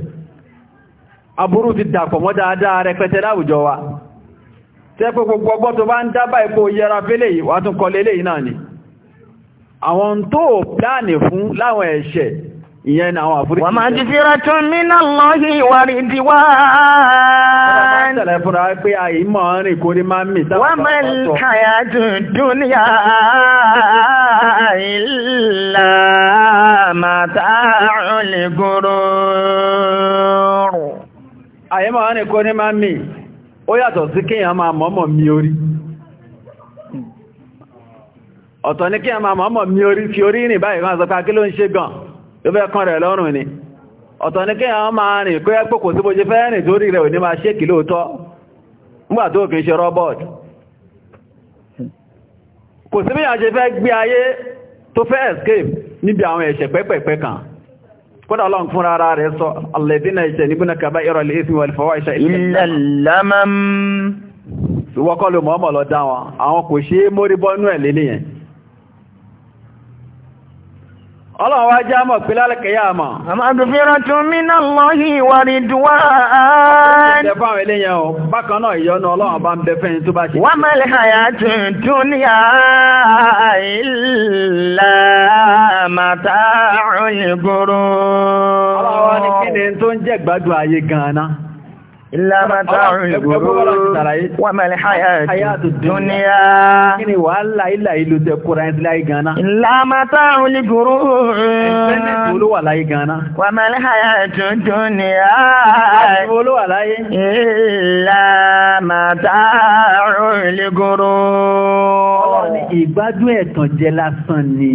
aburú ti dàpọ̀ mọ́ dáadáa rẹpẹtẹ láwùjọ wa tẹ́ gbogbo ọgbọ́n tó bá ń dábàá ipò yẹra fẹ́lẹ̀ yìí wà tún kọlẹ̀ lè náà ni àwọn tó pláàni fún láwọn ẹ̀ṣẹ̀ ìyẹn àwọn àfúrí wà máa jí sí rẹ̀ tún mí náà lọ́yìn ìwà rìndíwáà ṣàlẹ̀ fúnra pé àyí mọ̀ rìn kó rí máa ń mì sáwọn ọ̀pọ̀ wọ́n mọ̀ kàyà dùndùn ní àìlà màtà àrùnlé gúrú àyí mọ̀ ó yàtọ̀ sí kíyàn máa mọ̀mọ̀ mi orí ọ̀tọ̀ ní kíyàn máa mọ̀mọ̀ mi orí fi orí rìn báyìí kan sọ pé akí ń ṣe gan ló fẹ́ kán rẹ̀ lọ́rùn ni ọ̀tọ̀ ní kí àwọn máa rìn kó yẹ́ pòkò sí bó ṣe fẹ́ rìn tó rí rẹ̀ ò ní máa ṣe kì lóòótọ́ nígbà tó kìí ṣe robot kò sí bíyàn ṣe fẹ́ gbé ayé tó fẹ́ escape níbi àwọn ẹ̀ṣẹ̀ pẹ́pẹ̀pẹ́ kan kódà ọlọ́run fún ara rẹ̀ sọ alladhina yajtanibuna kaba'ira al-ithmi ọlọ́run wá já mọ̀ pé lálẹ́kẹ̀yà mọ̀. àmàdùfẹ́ràn tún mínà lọ́yìn ìwàrí dùwà áán. ẹ̀fẹ́ fáwọn eléyàn o bákan kí ni tó ń jẹ́ gbádùn ayé gan-an náà. Ilá máa táàrùn ìgbòrò wà máa lè háyà dúníyà. Kí ni wàhálà ilà ìlú tẹ kóra ẹni láyé gánà? Ilá máa táàrùn ìgbòrò ẹ̀fẹ́ni tó wà láyé gánà. Wà máa lè háyà dúníyà. Ìwọ ló wà láyé. Ilá máa táàrùn ìgbòrò. Ìgbádùn ẹ̀tàn jẹ lásán ni.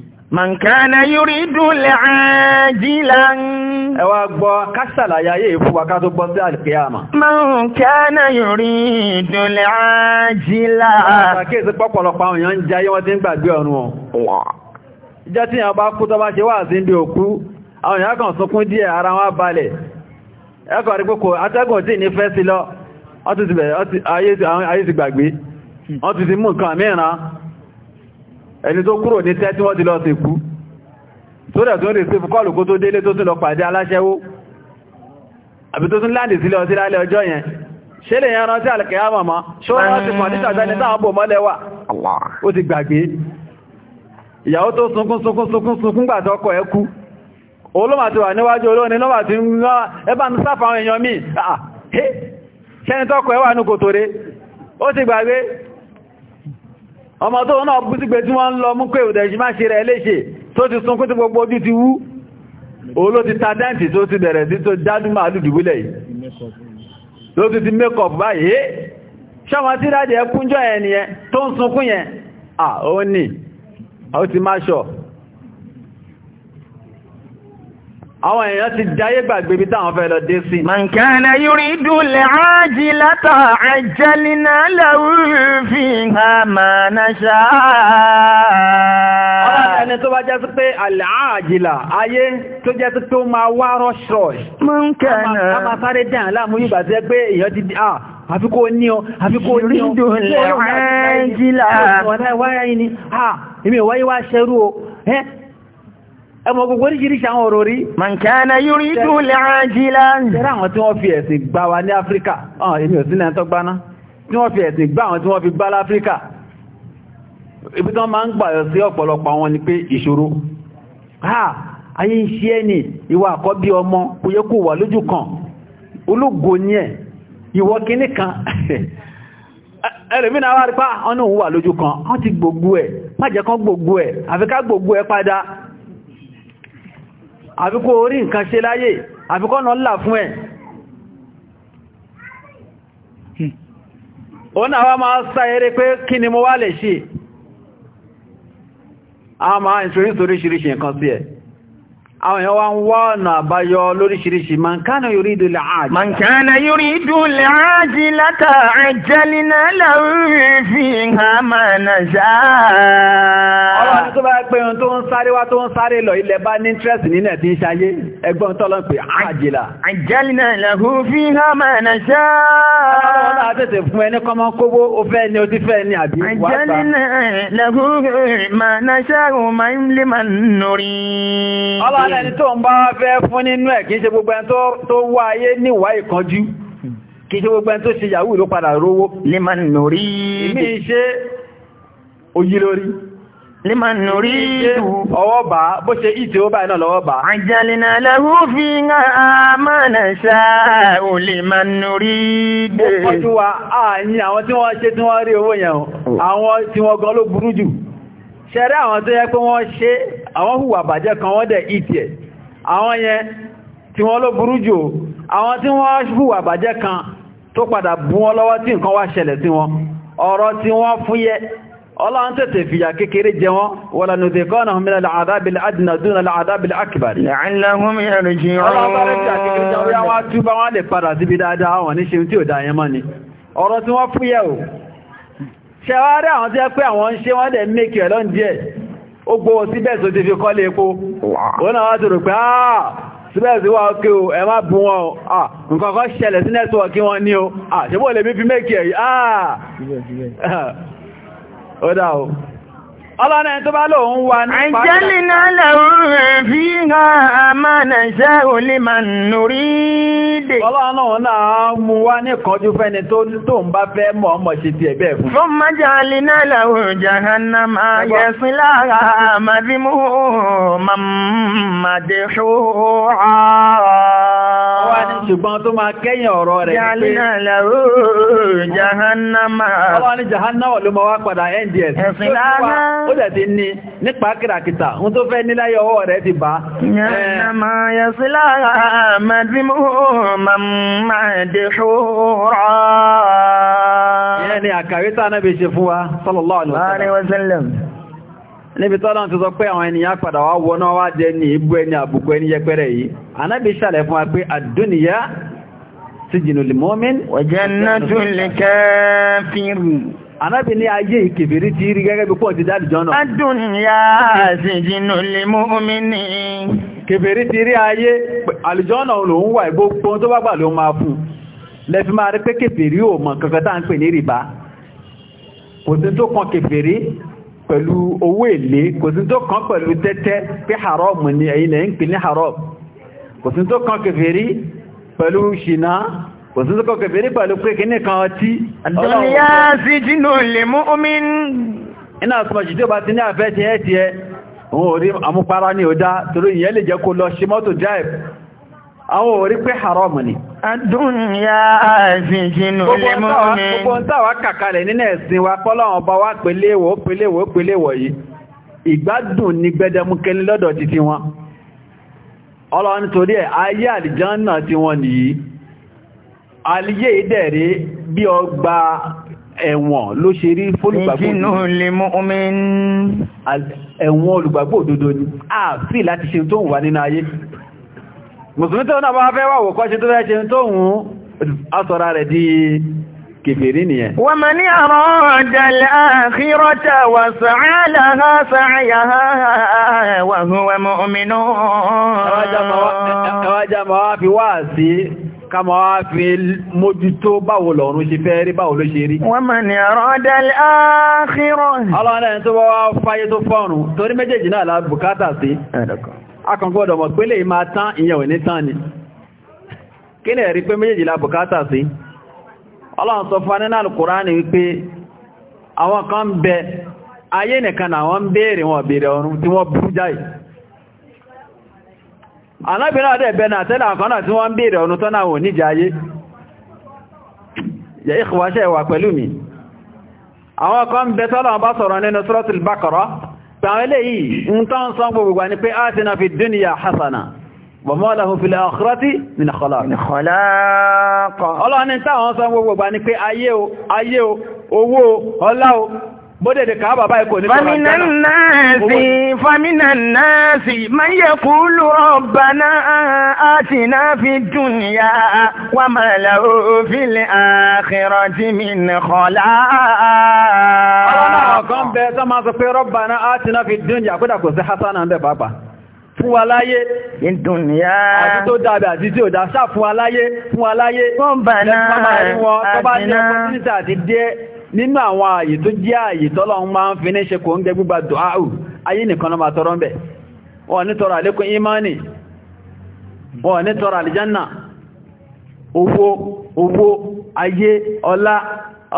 Màǹkánà yúrí dúlẹ̀ àjílá ń. Ẹ wá gbọ́ kásàlàyà yìí fún wa ká tó gbọ́ sí àlùkìyàmà. Màǹkánà yúrí dúlẹ̀ àjílá. Àkàkíyèsí pọ́pọ̀lọpọ̀ àwọn èèyàn ń jayé wọ́n ti ń gbàgbé ọ̀run ọ̀. Ìjọ́ tí èèyàn bá bá ṣe wà sí òkú, kan sunkún ara lọ, ti ti ti ẹni tó kúrò ní tẹ́tí wọ́n ti lọ sí kú tó rẹ̀ tó ń rí sí fún kọlù kó tó délé tó tún lọ pàdé aláṣẹ́wó àbí tó tún láàdì sílẹ̀ ọtí lálẹ́ ọjọ́ yẹn ṣe lè yẹn rántí àlẹ́kẹ̀yà mọ̀mọ́ ṣó rántí kọ̀ndíṣàtẹ́ni táwọn bò mọ́lẹ̀ wà ó ti gbàgbé ìyàwó tó sunkún sunkún sunkún sunkún gbà tọ́kọ ẹ kú olóma ti wà níwájú olóni lọ́wà ti ń rán ẹbá ń sáfà àwọn èèyàn míì ah, ah, ṣẹ́ni tọ́kọ ẹ wà ní kòtòrè ó ti gbàgbé ọmọ tó náà bú sígbé tí wọ́n ń lọ mú pé òdẹ̀jì má ṣe rẹ̀ léṣe tó ti sunkún tí gbogbo ojú ti wú oló ti ta dẹ́ǹtì tó ti bẹ̀rẹ̀ sí tó jádú màálù dùbúlẹ̀ yìí ló ti ti ah ó ní àwọn èèyàn ti dáyé gbàgbé bí táwọn fẹ́ lọ dé sí. mọ̀nkánà yúrí dúlẹ̀ ájì látà àjẹ́línà láwúrúfin ha máa tó bá jẹ́ sí pé àlàájìlà ayé tó jẹ́ sí máa wá rọ́ṣọ́ọ̀ṣì. a máa sáré dàn láàmú yìí bàtẹ́ pé èèyàn ti ẹmọ gbogbo oríṣiríṣi àwọn ọ̀rọ̀ rí. mọ̀nkánà yúrí tún lè rán jí láàrín. tẹ́rẹ àwọn tí wọ́n fi ẹ̀sìn gbá wa ní áfíríkà ọ̀n èmi ò sí náà tọ́gbáná tí wọ́n fi ẹ̀sìn gbá àwọn tí wọ́n fi gbá láfíríkà ibi tán máa ń gbàyọ sí ọ̀pọ̀lọpọ̀ àwọn ni pé ìṣòro ha ayé ń ṣe ẹni ìwà àkọ́bí ọmọ kò yẹ kó wà lójú kan ológo ni ẹ̀ ìwọ kinní kan <laughs> ẹlòmínà wá rí pa ah, ọ́nà òun wà lójú kan wọ́n ti gbogbo ẹ̀ má gbogbo ẹ̀ àfi gbogbo ẹ̀ padà àbíkó orí nǹkan ṣe láyé àbíkọ́ nà ńlá fún ẹ̀ O náà wá máa sá eré pé kí ni mo wá lè ṣe a máa ìṣoríṣoríṣiríṣi nǹkan sí ẹ̀ àwọn èèyàn wá ń wá ọ̀nà àbáyọ lóríṣìíríṣìí man kana yuridu al-ajila man kana yuridu al-ajilata ajjalna lahu fiha ma nasha ọlọ́ni tó bá pé ohun tó ń sáré wá tó ń sáré interest nílẹ̀ tí ń ṣayé ẹgbọ́n tọ́lọ́ pé àjìlá ajjalna lahu fiha ma nasha ọlọ́run àtẹ̀tẹ̀ fún ẹni kọ́mọ́ kówó ó fẹ́ ni ó ti fẹ́ ni àbí wàá gbà ajjalna lahu ma nasha kọ́lá ẹni tó ń bá fẹ́ fún nínú ẹ̀ kìí ṣe gbogbo ẹni tó wá ayé níwà ìkanjú kìí ṣe gbogbo ẹni tó ṣe yahoo ló padà rówó liman ìmí ṣe ojí lórí ọwọ́ bá bó ṣe ìtì ó báyìí náà lọ́wọ́ bá ṣẹ́rẹ́ àwọn tó yẹ pé wọ́n ṣe àwọn hùwà bàjẹ́ kan wọ́n dẹ̀ ìtẹ̀ àwọn yẹn tí wọ́n ló burú jù àwọn tí wọ́n hùwà bàjẹ́ kan tó padà bú wọn lọ́wọ́ tí nǹkan wá ṣẹlẹ̀ sí wọn ọ̀rọ̀ tí wọ́n fúyẹ́ ọlọ́run tètè fìyà kékeré jẹ wọn wọ́la nùdè kọ́nà min al-adhab al-adna duna al ọlọ́run bá rẹ̀ tí a jẹ́ wọ́n wá túbá wọ́n lè padà ṣẹwárí àwọn tí ẹ pé àwọn ń ṣe wọ́n dẹ̀ mẹ́kì ẹ̀ lọ́n díẹ̀ ó gbówó síbẹ̀ tó ti fi kọ́lé epo òun náà wá tó rò pé àà ah, síbẹ̀ sí wá ókè o ẹ má bú wọn o ah, nǹkan kan ṣẹlẹ̀ sí nẹ́tíwọ̀kì wọn ní o ah, ṣe bó lè mí fi mẹ́kì ẹ̀ yìí àà <laughs> ọlọ́rin tó bá lóun wà ní pàdé. àjálìnà lẹ́rùn rẹ̀ fi hàn àmànà iṣẹ́ olè máa nùrí dè. ọlọ́run náà mú wá ní kanjú fẹ́ni tó ń bá fẹ́ mọ̀ ọmọ ṣe ti ẹ̀bẹ́ fún. fún májálìnà lẹ́rùn jahannama yẹ̀sìn ṣùgbọ́n tó máa kẹ́yìn ọ̀rọ̀ rẹ̀ pé jahannama ọwọ́ jahannama ló ma wá padà nds ó dẹ̀ ti ní nípa kìràkìtà ohun tó fẹ́ níláyé ọwọ́ rẹ̀ ti bá jahannama yasila madimu mamadihura ìyẹn ni àkàrí tánàbí sallallahu alaihi wasallam níbi tọ́lá ti sọ pé àwọn ènìyàn padà wá wọná wá jẹ ní ibú ẹni àbùkù ẹni yẹpẹrẹ yìí anábi ṣàlẹ̀ fún wa pé àdúnìyà sijinu lil mu'min wa jannatu lil kafir anábi ní ayé ìkèfèrí ti rí gẹ́gẹ́ bí pọ̀ ti jáde jọ́nà àdúnìyà sijinu lil mu'min kèfèrí ti rí ayé àlùjọ́nà lòun wà gbogbo tó bá gbà ló máa fún lẹ́fí máa rí pé kèfèrí ò mọ̀ kankan tá à ń pè ní rìbá kò sí tó kan kèfèrí pẹ̀lú owó èlé kò sí tó kàn pẹ̀lú tẹ́tẹ́ pé haram ni ẹ̀yin lẹ́yìn pè ní haram kò sí tó kàn kèfèrí pẹ̀lú ṣìnà kò sí tó pẹ̀lú pé kí nìkan ọtí Àdúnyá sí jínú lè mú omi àwọn orí pé haram ni. Adúnyà àìsìnjínú lè mú ní. Gbogbo ń tàwà kàkalẹ̀ nínú ẹ̀sìn wa pọ́lọ́wọ́n bá wá pẹ̀lẹ́wọ̀ pẹ̀lẹ́wọ̀ pẹ̀lẹ́wọ̀ yìí. Ìgbádùn ni gbẹdẹmukẹni lọ́dọ̀ títí wọn. Ọlọ́run torí ẹ̀ ayé àlìjánà tí wọ́n nìyí. Àlìyé ìdẹ̀rẹ́ bí ọgbà ẹ̀wọ̀n ló ṣe rí fólùgbàgbò mùsùlùmí tó náà bá fẹ́ wà wòkọ́ ṣe tó fẹ́ ṣe tó hùn asọ̀rà rẹ̀ di kèfèrí nìyẹn wà mọ̀ ní àwọn ọ̀dàlẹ̀ àkírọ́ta wà sàálàá sàáyàá wà hùwà mọ̀ọ̀mìnà ẹwàjá ma wá fi wá sí ká ma wá fi mójútó báwo lọ́run ṣe fẹ́ rí báwo ló ṣe rí wà mọ̀ ní àwọn ọ̀dàlẹ̀ àkírọ́ akọ̀gbọ́dọ̀ mọ̀ pé lè máa tán ìyẹn ò tán ni kí lè rí pé méjèèjì la bùkátà sí ọlọ́run sọ fún anínà alkùránì wípé àwọn kan bẹ ayé nìkan náà wọ́n béèrè wọn béèrè ọ̀run tí wọ́n burú jáì alábìnrin àdẹ́ ẹ̀bẹ̀ náà tẹ́lẹ̀ àkọ́nà tí wọ́n béèrè ọ̀run tán náà tàwọn eléyìí ń tán sán gbogbo ní pé atina fi dúnìyà hasana wa ma lahu fil akhirati min khalaq ọlọ́ni táwọn sán gbogbo ní pé ayé o owó ọlá o bọ́dẹ̀ ni kàá bàbá ikọ̀ nípa ọ̀rọ̀ náà fàmínà náà sì máa ń yẹ kú lù ọba náà àti náà fi dúnìyà wà máa làwọ̀ òfìlẹ̀ àkẹrọ tí mi nà kọ̀lá. ọ̀rọ̀ kan bẹ tó máa sọ pé rọ́bà náà àti náà fi dúnìyà kódà kò sí hasana ń bẹ bàbá fún wa láyé ìdùnnìyà àti tó dábẹ̀ àti tí ò dá sáà fún wa láyé fún wa láyé rọ́bà náà àti náà nínú àwọn ààyè tó jẹ́ ààyè tọ́lọ́run máa ń fi ní ṣe kò ń gẹ gbígbà dùáù ayé nìkan lọ máa tọrọ ń bẹ̀ wọ́n ní àlékún imani wọ́n ní àlìjánà owó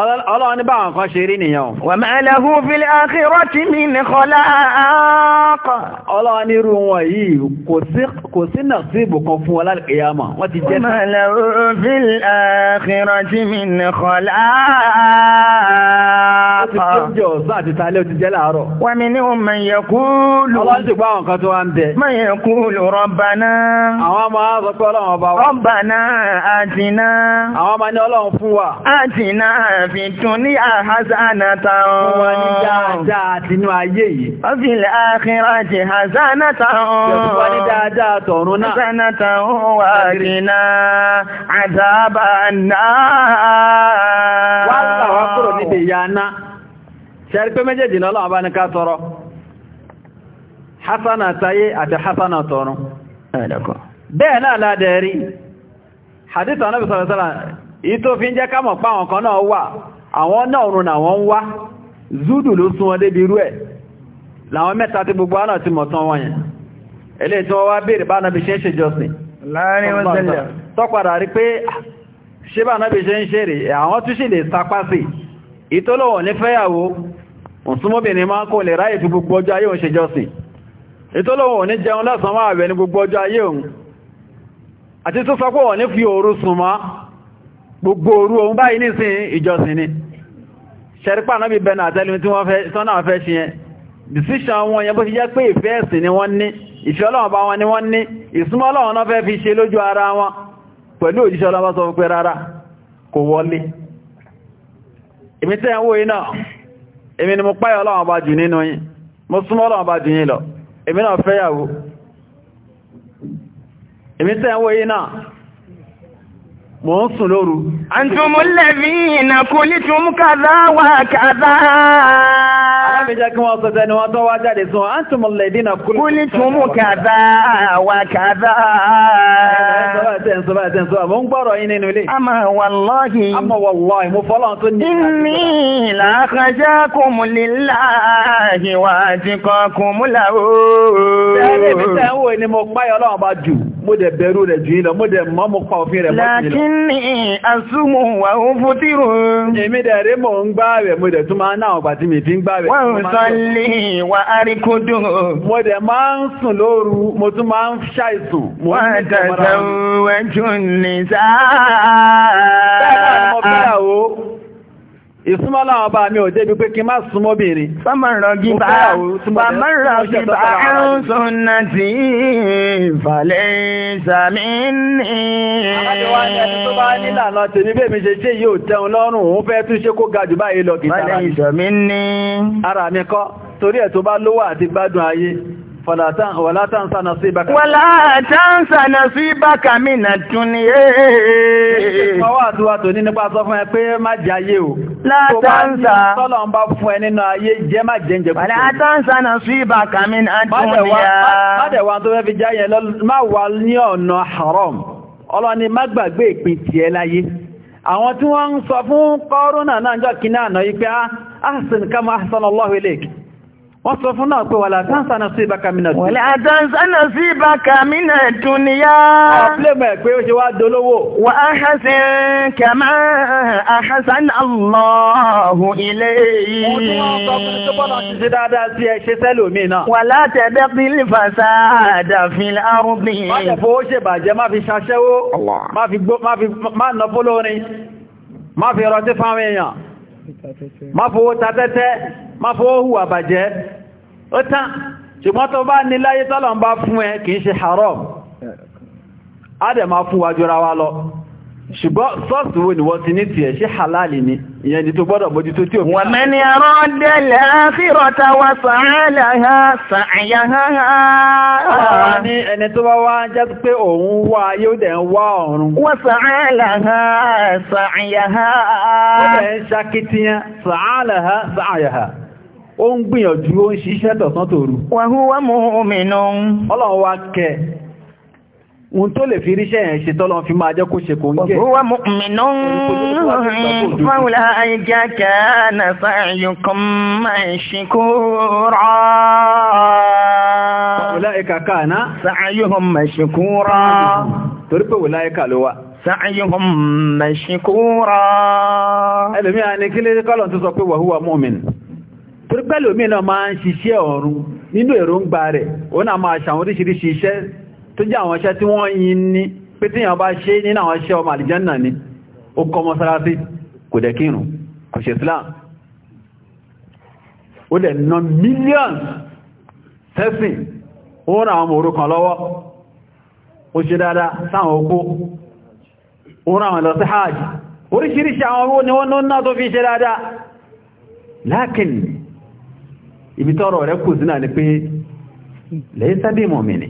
Ọlọ́run ní báwọn kan ṣe rí nìyàn. Wa ma lahu fil akhirati min khalaq. Ọlọ́run ní irú wọn yìí kò sí nàṣíbù kan fún wọn lálẹ́kẹ̀yàmà. Wọ́n ti jẹ́. Wa ma lahu fil akhirati min khalaq. Ó ti tó jẹ́ ọ̀sán àti talẹ́ ó ti jẹ́ láàárọ̀. Wa minhum man yaqulu fi tún ní àhásánà táwọn. Wọ́n ní dáadáa tinú ayé yìí. Wọ́n fi lè àkínrà ti hásánà táwọn. Wọ́n ní dáadáa tọ̀run náà. náà. Wọ́n tàwọn kúrò náà. Ṣẹ́rí pé méjèèjì èyí tó fi ń jẹ́ kámọ̀ pa àwọn kan náà wà àwọn náà rùn àwọn ń wá zúdù ló sún wọn débi irú ẹ̀ láwọn mẹ́ta tí gbogbo náà ti mọ̀ tán wọ́n yẹn eléyìí tí wọ́n wá béèrè bá náà bí ṣe ń ṣe jọsìn láàrin wọ́n tẹ́lẹ̀ tọ́padà rí pé ṣe bá àti tó sọ pé wọ́n ní fi òru sùn gbogbo orú ohun báyìí nísìn ìjọsìn ni ṣẹ̀rípà náà bí bẹnu àtẹ́lú tí wọ́n fẹ́ sọ́nà fẹ́ ṣe yẹn decision wọn yẹn bó ti jẹ́ pé ìfẹ́ ẹ̀sìn ni wọ́n ní ìfẹ́ wọn ni wọ́n ní ìsúnmọ́ Ọlọ́run náà fẹ́ fi ṣe lójú ara wọn pẹ̀lú òjíṣẹ́ Ọlọ́run bá sọ pé rárá kò wọlé èmi tẹ́ ni mo páyọ̀ Ọlọ́run bá jù nínú yín mọ̀ ń sùn lóru. àtúmúlẹ̀ bí ìnàkúlítùm kàdá wà kàdá mi jẹ́ kí wọ́n sọ tẹni wọ́n tó wá jáde sún wọ́n tún mọ̀lẹ̀ ìdínà kúlì tún mú kàdá wà kàdá mo mi tẹ́ bẹ̀rù rẹ̀ jù ilọ̀ mo mọ́ mo pa òfin rẹ̀ mọ́ jùlọ. lákínní àsùnmù wà ó fún tìrò. èmi dẹ̀ rí mò ń gbá rẹ̀ mo tún máa náà pàtí mi fi ń gbá rẹ̀. wọ́n sọ́lì wà áríkódò. Mo dẹ̀ máa ń sùn lóru, mo tún máa ń ṣàìsùn. Wọ́n tẹ̀sẹ̀ wẹ́jú nìsáà. Bẹ́ẹ̀ ìsúnmọ́lá ọba mi ò débi pé kí má súnmọ́bìnrin. Fọ́mọ̀rọ̀gíbà ń súnà tí ìfàlẹ̀ ìsàmì ní. Àbájọ́wá ní ẹni tó bá nílànà tèmi bẹ́ẹ̀ mi ṣe ṣe yóò tẹun lọ́rùn òun fẹ́ tún ṣe kó ga jù báyìí lọ kìtàrà. Ara mi kọ́, torí ẹ̀ tó bá lówó àti gbádùn ayé. Wala tansa نصيبك ولا تنسى نصيبك من الدنيا Fọwọ́ àtúwàtò nínú pa sọ fún ẹ pé má jẹ ayé o. Látàǹsà. tansa ń bá fún ẹ nínú ayé jẹ́ má jẹ jẹ. Látàǹsà náà sí ibà kàmí náà dùn ní ya. Mádẹ̀wà tó fi jáyẹ lọ, má wà ní ọ̀nà haram. Ọlọ́ni má gbàgbé ìpín tiẹ̀ láyé àwọn tí wọ́n ń sọ fún kọ́rọ́nà náà jọ kí náà yí pé ah, ahsan kama ahsan Allahu ilayk wọ́n sọ fún náà pé wà látánṣà náà sí ìbáka mínà sí. wà látánṣà náà sí ìbáka mínà dúnìyà. àpilẹ̀mọ̀ ẹ̀ pé ó ṣe wá dolówó. wà á ṣàṣẹ kàmá àṣàṣàn àlọ́hùn ilé yìí. wọ́n tún wọ́n sọ fún ṣọ́bọ́nà ti ṣe dáadáa sí ẹ má fowó ta tẹ́tẹ́ má fowó hùwà bàjẹ́ ó tán ṣùgbọ́n tó bá ní láyé tọ́lọ̀ ń bá fún ẹ kìí ṣe haram á dẹ̀ máa fún wájú ra wa lọ ṣùgbọ́n sọ́ọ̀sì wo ni wọ́n ti ní tiẹ̀ ṣe halali ni ìyẹn ni tó gbọ́dọ̀ mójútó tí ò wọ́n mẹ́ni ọ̀rọ̀ dẹ̀lẹ̀ ha. wa sàáyàhá ó ha, ń ha. ha gbìyànjú ó ń ṣiṣẹ́ tọ̀sán tòru wàhúwà mú òmìnà ọlọ́run ohun tó lè fi ríṣẹ́ yẹn ṣe tọ́lọ́ fi máa jẹ́ kó ṣe kò ń gẹ̀. wọ́n mú mìnú fáwọlá ìjákà na sáàyùkún máa ń ṣe kó rọ́. fáwọlá máa ṣe kó rọ́. torí pé kí lè kọ́lọ̀ tó sọ pé wa huwa mu'min náà máa ń ṣiṣẹ́ ọ̀run nínú èròǹgbà rẹ̀ ó náà máa ṣàwọn oríṣiríṣi iṣẹ́ tó jẹ́ àwọn iṣẹ́ tí wọ́n yìn ní pé tí yàn bá ṣe nínú àwọn iṣẹ́ ọmọ àlìjánà ni ó kọ́ mọ́sálásí kò dẹ̀ kírun kò ṣe Islam ó dẹ̀ ná millions sẹ́sìn ó ràn àwọn ọmọ òrukàn lọ́wọ́ ó ṣe dáadáa sáwọn opó ó ràn àwọn lọ sí hajj oríṣiríṣi àwọn ni wọ́n ná tó fi ṣe dáadáa lákìn ibi tọ́rọ̀ rẹ̀ kù sí pé lẹ́yìn mọ̀mìnì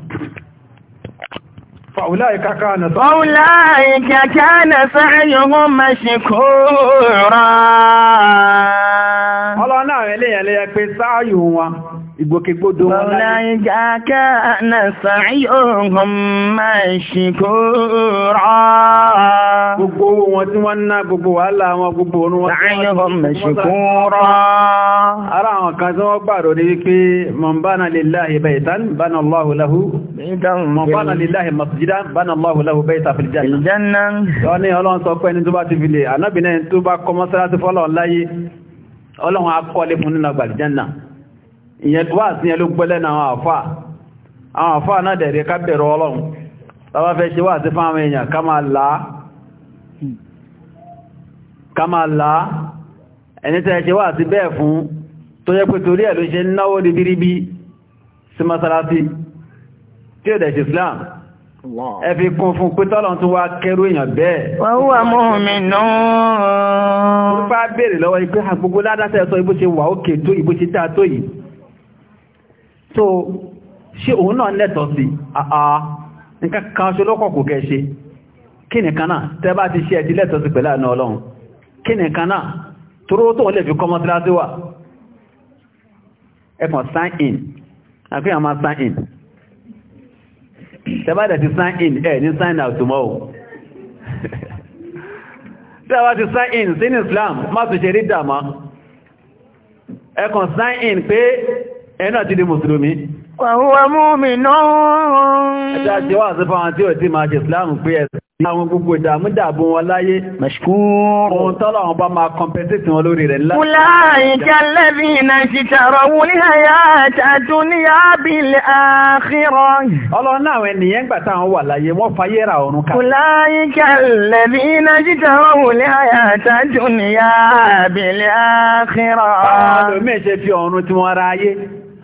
فأولئك كان فأولئك كان سعيهم مشكورا Ọlọ́run náà rẹ̀ léyàn léyàn pé sáàyò wọn, ìgbòkègbodò wọn láyé. Ọláìjá káàna sàáyò hàn máa ṣe kó rọ́. Gbogbo owó wọn tí wọ́n ná gbogbo wàhálà àwọn kan tí wọ́n gbàrò ní wípé man bana lillahi baytan bana Allahu lahu man bana lillahi masjidan bana Allahu lahu baytan fil janna wọ́n ní ọlọ́run sọ pé ẹni tó bá ti fi lè anábìnrin tó bá kọ́ mọ́sálásí fọ́lọ́run tẹ́ ṣe wà sí bẹ́ẹ̀ fún tó yẹ pé torí ẹ̀ ló ṣe náwó ribiribi sí masalasi tí ó dẹ̀ Islam ẹ fi kún fún pé tọ́lọ̀ tún wá kẹrù èèyàn bẹ́ẹ̀. wọ́n wà mú mi náà. ó bá béèrè lọ́wọ́ ipé àgbogbo ah, so ṣé òun náà lẹ́tọ̀ọ́ sí àà nǹkan kan ṣe lọ́kọ̀ kò kẹ́ ṣe kí nìkan náà tẹ́ bá ti ṣe ẹ̀ ti lẹ́tọ̀ọ́ sí ọlọ́run kí nìkan náà toró tó lè fi kọ́mọ́tíláṣí wà ẹkàn sign in àkíyàn máa sign in tẹbàdẹ̀ ti sign in ẹ̀ ní sign out tomorrow <laughs> tẹbà ti sign in sí Islam má tún ṣe rí dàmá ẹkàn sign in pé ẹ̀nà ti di mùsùlùmí wàhúwà mú mi náà ẹ̀dá ti wà sí fáwọn tí ò tí máa ṣe Islam pé ẹ̀sẹ̀ àwọn gbogbo ìdàmú dàbò wọn láyé ohun tọ́lọ̀ wọn bá máa kọmpẹ́tẹ̀tì wọn lórí rẹ̀ láti láìkẹ́ lẹ́bí iná ìṣìṣàrọ̀ wù ní àyà àtàtù ní àbílẹ̀ àkírọ̀ ọlọ́run àwọn ènìyàn gbà táwọn wà láyé wọ́n fayé ra ọ̀run ká láìkẹ́ lẹ́bí iná ìṣìṣàrọ̀ wù ní àyà àtàtù ní àbílẹ̀ àkírọ̀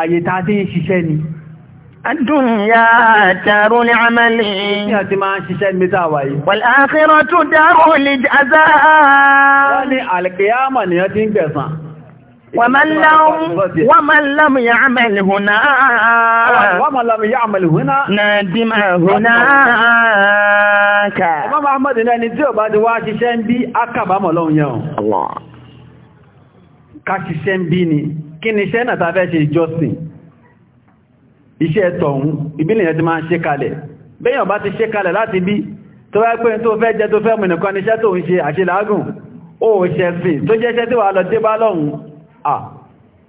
àyè tá a ti ń ṣiṣẹ́ ni Adúnyà dàrú ní àmàlì. Ní àti máa ń ṣiṣẹ́ ní mítà wáyé. Wal akhiratu dàrú lè jàzá. Wọ́n ni alkiyama ni ومن لم يعمل هنا ومن هنا ní ẹni ń bí, á kàbámọ̀ lọ́hùn yẹn. Ká ṣiṣẹ́ ń kí ni iṣẹ́ náà tàbẹ́ ṣe ìjọsìn iṣẹ́ tọ̀hún ìbílẹ̀ yẹn ti máa ń ṣe kalẹ̀ bẹ́yàn bá ti ṣe kalẹ̀ láti bí tó wá pé tó fẹ́ jẹ tó fẹ́ mọ̀ nìkan iṣẹ́ tó ń ṣe àṣìlágùn ó ṣẹ̀sìn tó jẹ́ṣẹ́ tí wà lọ dé bá lọ́hun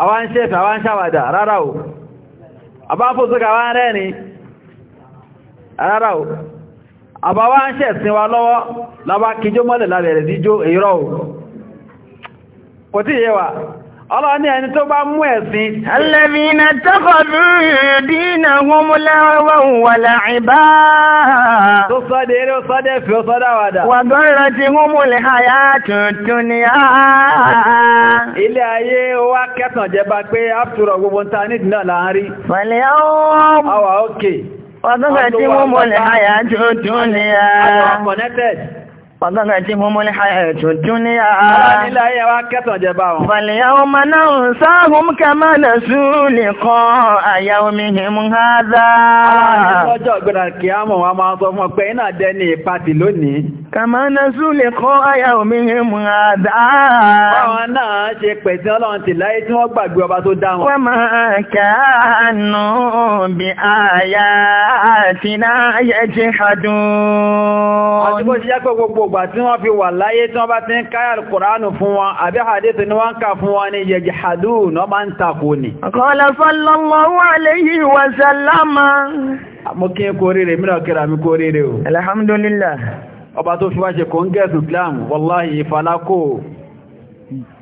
àwa ń ṣẹ̀fẹ̀ àwa ń ṣàwàdà rárá o àbáfòsókà wá ń rẹ́ni rárá o àbáwá ń ṣẹ̀sìn wa lọ́wọ́ lábá kíjó mọ́lẹ̀ lábẹ̀rẹ̀ díjó èrò kò tí yẹ wà ọlọ́ni ẹni tó bá mú ẹ̀sìn. alẹ́mìnà tọ́kọ̀dù dínà húnmúláwọ́ wà láìbá. tó sọ́dẹ̀ eré sọ́dẹ̀ fi ó sọ́dá wàdà. wà gọ́rọ̀ ti húnmúlẹ̀ tuntun ni a. ilé ayé wá kẹtàn jẹba pé áfùrọ̀ gbogbo ta nídìí náà láàárín. Fàdọ́gà tí mú mú ní àyàtò dúníyà. Ilé ayé wa kẹ́tàn jẹba wọn. Fàlìyà ọmọ náà ń sáhùn kàmá nà sú lè kọ́ àyà omi hìmú hádá. Lọ́jọ́ ìgbẹ̀rẹ̀ kí á mọ̀ wọn máa sọ fún ọpẹ́ iná jẹ́ ní ìpàtì lónìí. Kàmá nà sú lè kọ́ àyà omi hìmú hádá. Báwọn náà ṣe pẹ̀sìn ọlọ́run ìgbà tí wọ́n fi wà láyé tí wọ́n bá ti ń káyà alkùránù fún wọn àbí hadith ni wọ́n kà fún wọn ni yajhadun wọ́n máa ń takò ní. qala sallallahu alayhi wa kí n kó rere mìíràn kíra mi kó rere o. alhamdulillah. ọba tó fi wá ṣe kò ń gẹ̀ẹ́sù islam wallahi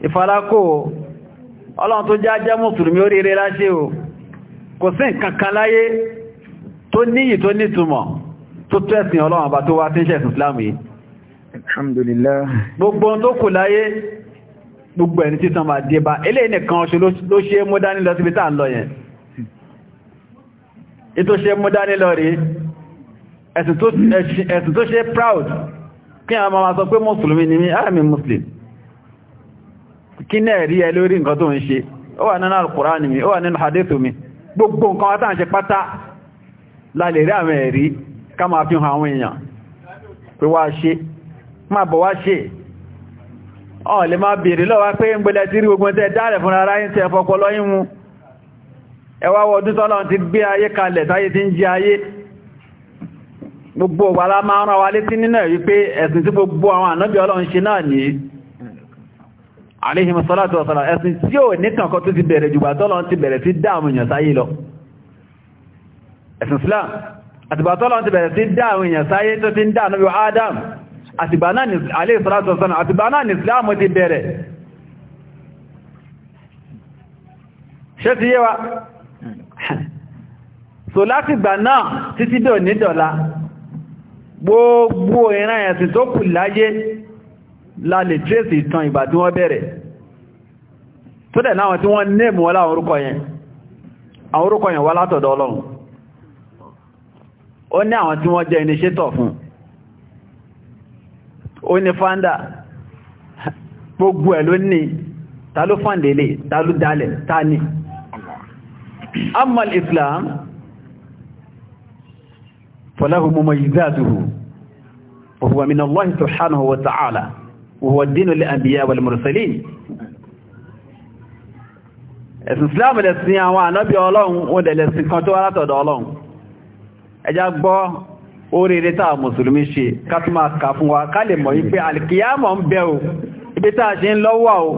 ìfàlákò ọlọ́run tó jájẹ́ mùsùlùmí ó rere láṣẹ́ o kò sí nǹkan kan láyé tó níyì tó nítumọ̀ tó tẹ́sìn ọlọ́run àbá tó wá tí ń ṣẹ̀sìn islam yìí alhamdulillah gbogbo tó kù láyé gbogbo ẹni títàn máa dé bá eléyìí nìkan ọṣù ló ṣe mú dání lọ síbi tá à ń lọ yẹn ètò ṣe mú dání lọ rí ẹ̀sùn tó ṣe proud kí a máa sọ pé mùsùlùmí ni mí ah, muslim kí náà rí ẹ lórí nǹkan tó ń ṣe ó wà nínú alkùránì mi ó wà nínú hadithu mi gbogbo nǹkan wá tàà ṣe pátá lálẹ̀ rí àmì ẹ̀rí ká máa fi hàn àwọn èèyàn pé wá ṣe máa bọ̀ wá ṣe ọ̀ lè máa bèèrè lọ́wọ́ pé ń gbẹ̀lẹ̀ tí rí ogun tẹ́ dáàrẹ̀ fún ara yín tẹ́ fọpọlọ yín mu ẹwà ọdún tọ́lọ́run ti gbé ayé kalẹ̀ táyé ti ń jẹ ayé gbogbo wà lá máa rán wa létí nínú ẹ̀rí pé ẹ̀sìn tí gbogbo àwọn Adam àtìgbà náà ní alẹ́ ìsọ́látọ̀ sọ́nà àtìgbà náà ní Islam ti bẹ̀rẹ̀ ṣe ti yé wa so látìgbà náà títí dò ní dọ̀la gbogbo ìran ẹ̀sìn tó kù láyé la lè trace ìtàn ìgbà tí wọ́n bẹ̀rẹ̀ tó dẹ̀ náà tí wọ́n nẹ́mù wọ́n láwọn orúkọ yẹn àwọn orúkọ yẹn wá látọ̀dọ̀ Ọlọ́run ó ní àwọn tí wọ́n jẹ́ iníṣẹ́tọ̀ fún ó ní fáńdà gbogbo ẹ̀ ló ní ta ló fàndélé ta ló dalẹ̀ ta ni amma islam falahu mumayyizatuhu wa huwa min Allah subhanahu wa ta'ala wa huwa dinu lil anbiya wal mursalin ẹ̀sìn islam lẹ̀sìn àwọn ànábì ọlọ́run ó dẹ̀ lẹ̀sìn kan tó wá látọ̀dọ̀ ọlọ́run ẹjá gbọ́ oríire táà mùsùlùmí ṣe kátùmá ká fún wa ká lè mọ̀ wípé alìkìyàmọ̀ ń bẹ o ibi táà ṣe ń lọ́wọ́ o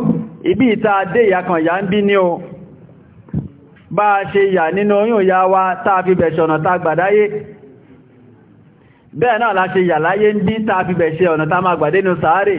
ibi ìta adé ìyá kan ìyá ń bí ní o bá a ṣe yà nínú oyún ìyá wa táà fi bẹ̀ ṣọ̀nà táà gbàdáyé bẹ́ẹ̀ náà la ṣe yà láyé ń bí táà fi bẹ̀ ṣe ọ̀nà táà máa gbàdé nínú sàárè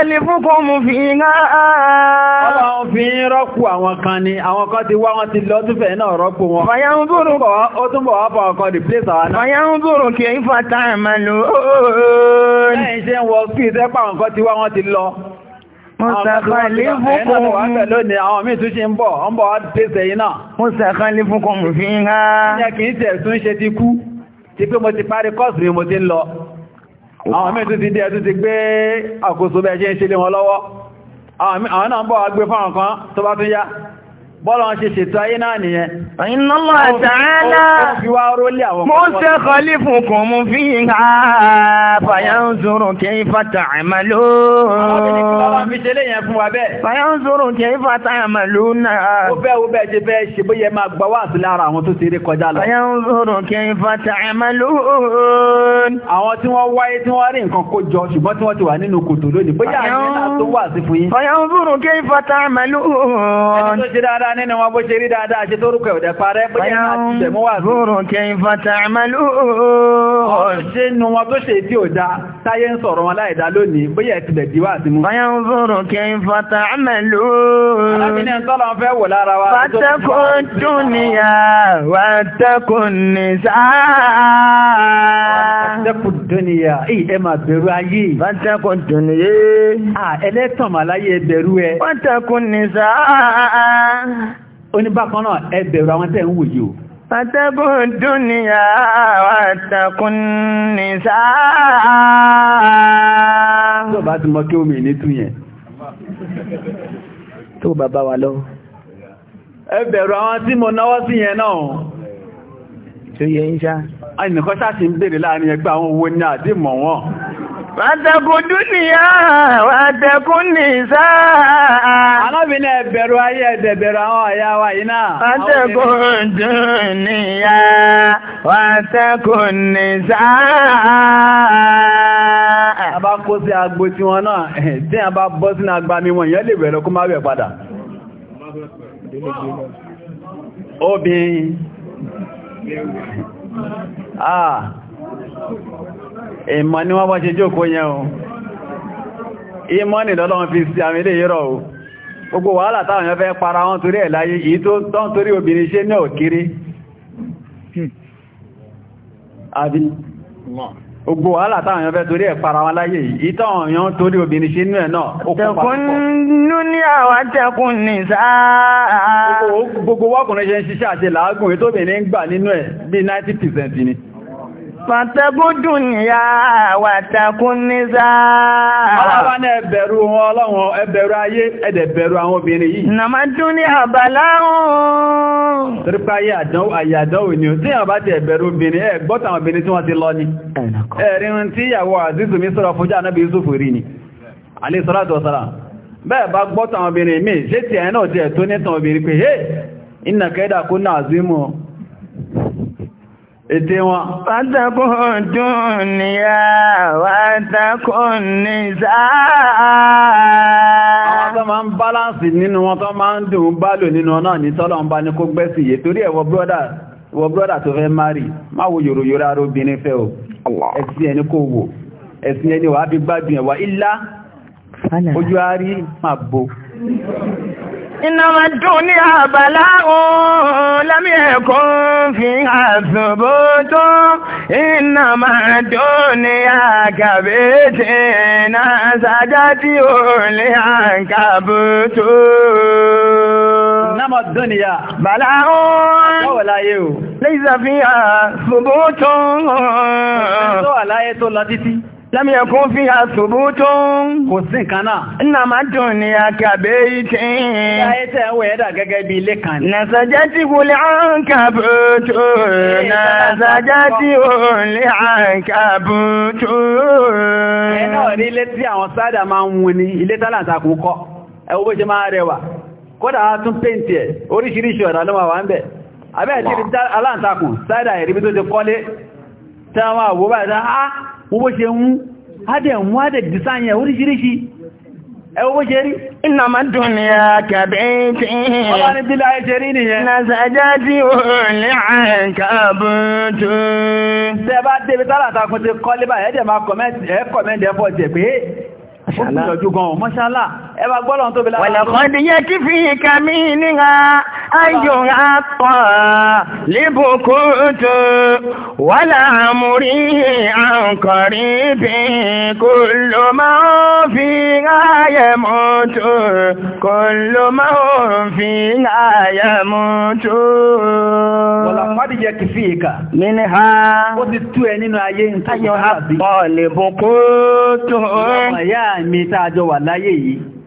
yukhalifukum fiha. Ọlọ́run fi ń rọ́pù àwọn kan ni, àwọn kan ti wá wọn ti lọ túnfẹ̀ náà rọ́pù wọn. Fayanzuru. Ó túnbọ̀ wá fọ ọkọ̀ replace àwọn náà. Fayanzuru kayfa ta'malun. Lẹ́yìn ṣe ń wọ sí ìtẹ́pà àwọn kan ti wá wọn ti lọ. Mùsàkàlífúkùn. Ẹ̀nà àwọn mẹ́tún ti dẹ́ tún ti gbé àkóso bẹ́ẹ̀ ṣe ń ṣe lé wọn lọ́wọ́ àwọn náà ń bọ̀ wá fáwọn kan tó bá tún yá bọ́lọ̀ ṣe ṣètò ayé náà nìyẹn. Inna Allah ta'ala mú ṣe khalifukum Àwọn fi ṣe léyìn fún wa bẹ́ẹ̀. Fayanzuru kayfa ta'malun náà. Ó bẹ́ẹ̀ ó bẹ́ẹ̀ ṣe fẹ́ àwọn tí wọ́n wáyé tí wọ́n rí nǹkan kó jọ ṣùgbọ́n tí wọ́n ti wà nínú kòtò lónìí bóyá àyè tó wà sí fún yín. Ẹni tó ṣe dáadáa dáadáa nínú wọn bó ṣe rí dáadáa ṣe tó rúkọ̀ parẹ́ bó yá àti tẹ̀múwà kẹyìn fata àmàlú ooo. nu wọn tó ṣe tí ò da táyé ń sọ̀rọ̀ wọn láìdá lónìí bóyá ẹ̀ tilẹ̀ díwà sí mú. Báyọ̀ ń bóòrùn kẹyìn fata àmàlú Alábìnrin ń tọ́lọ̀ fẹ́ wò oníbákanáà ẹbẹ̀rọ àwọn tẹ́ ń wò yìí o Fàtẹ́bù dúnìyà wà tàkùn ní sáà. Tó bá ti mọ́ kí omi ní tún yẹn. Tó bàbá wa lọ. Ẹ bẹ̀rù àwọn tí mo náwọ́ sí yẹn náà. Tó yẹ ń ṣá. A nìkan ṣáà ti ń bèèrè láàrin ẹgbẹ́ àwọn owó ní àdìmọ̀ wọn. Wàtẹ̀kùn dúnìyà, wàtẹ̀kùn nìsá. Alábìnrin ẹ̀bẹ̀rù ayé ẹ̀dẹ̀bẹ̀rù àwọn ọ̀yá wa yìí náà. Wàtẹ̀kùn dúnìyà, wàtẹ̀kùn nìsá. A bá kó sí agbo tí wọn náà, <laughs> tí a bá bọ́ sínú agbami wọn, ìyẹn lè bẹ̀rẹ̀ kó má bẹ̀ padà. Obìnrin. Ah. ìmọ̀ ni wọ́n bá ṣe jókòó yẹn o ìmọ̀ ni lọ́lọ́run fi sí àmì ilé ìrọ̀ o gbogbo wàhálà táwọn èèyàn fẹ́ para wọn torí ẹ̀ láyé yìí tó tán torí obìnrin ṣe ní òkiri àbí gbogbo wàhálà táwọn èèyàn fẹ́ torí ẹ̀ para wọn láyé yìí táwọn èèyàn torí obìnrin ṣe ní ẹ̀ náà ó kún pàpọ̀ gbogbo wọ́kùnrin ṣe ń ṣiṣẹ́ Fàtẹ́bú dùnìyà wàtàkùn níza. Ọlọ́wà ní ẹbẹ̀rù wọn ọlọ́wọ̀n ẹbẹ̀rù ayé ẹdẹ̀bẹ̀rù àwọn obìnrin yìí. Nàmà dúnìyà bàláhùn. Torípa ayé àdánwò ayé àdánwò ni ó tí àwọn bá ti ẹbẹ̀rù obìnrin obìnrin tí wọ́n ti lọ ni. ti ètè wọn. Pátákó dúnìyà wà tákó nìsá. Àwọn tó máa ń báláǹsì nínú wọn tó máa ń dùn bálò nínú náà ní tọ́lọ̀ ń bá ní kó gbẹ́sì yé torí ẹ̀wọ̀ brọ́dà wọ brọ́dà tó fẹ́ márì má wo yòrò yòrò ara obìnrin fẹ́ o. Ẹ̀sìn ẹni kò wò ẹ̀sìn ẹni wàá fi gbádùn ẹ̀wà ilá ojú bo. إنما الدنيا بلاء لم يكن فيها ثبوت إنما الدنيا كبيت نسجت لعنكبوت إنما الدنيا بلاء ليس فيها ثبوت Lámi ẹ̀kún fi àṣòbó tó ń. Kò sí nǹkan náà. Nà máa dùn ní àkàbé yìí tí ń. Láyé tẹ̀ ń wẹ̀ ẹ́dà gẹ́gẹ́ bí ilé kan. Nàṣàjá tí wo lè àǹkàbó tó. Nàṣàjá tí wo lè àǹkàbó tó. Ẹ náà rí ilé tí àwọn sádà máa ń wuni ilé tálàtà kò kọ́. Ẹ wo wọ́n bó ṣe ń adẹ̀ ń adẹ̀ dìsáyẹ̀ oríṣiríṣi ẹwọ́ bó ṣe rí iná máa dùn ní àkàbẹ̀ tí ọba ní bí láyé ṣe rí nìyẹn nàṣàjá tí ó ní àkàbùtù tẹ bá débi tálàtàkùn ti kọ́ lébà ẹ̀ẹ́dẹ̀ máa kọ̀mẹ́ndì ẹ̀fọ́ jẹ̀ pé Mọ́ṣálá, ẹwà gbọ́lọ̀ tó bí lára. أيها الطالب كنت ولا عمري عن قريب كل من فيها يموت كل من فيها يموت ولقد يكفيك منها أيها الطالب كنت ọmọ ìyá mi tá a jọ wà láyé yìí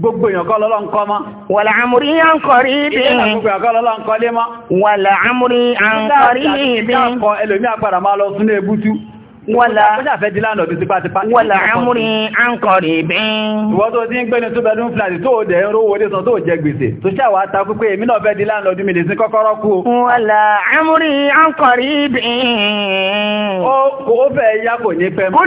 gbogbo èèyàn kọ́ lọ́lọ́ ǹkọ́ mọ́. wàlà àmúrí à ń kọrí bí. gbogbo èèyàn kọ́ lọ́lọ́ ǹkọ́ lé mọ́. wàlà àmúrí à ń kọrí bí. ẹlòmí àpàdà máa lọ sínú ebútú wọ́la àmúrí àǹkọ̀rì bí i wọ́n tó tí ń gbẹ́ni tó bẹ̀rún fìlàtí tó dẹ̀ ń rówó lẹ́sàn tó jẹ gbèsè tó ṣàwà ta pípé èmi náà fẹ́ di láàrín mi lè sí kọ́kọ́rọ́ kú wọ́la àmúrí àǹkọ̀rì bí i ó fẹ́ yá kò ní pẹ́ mọ́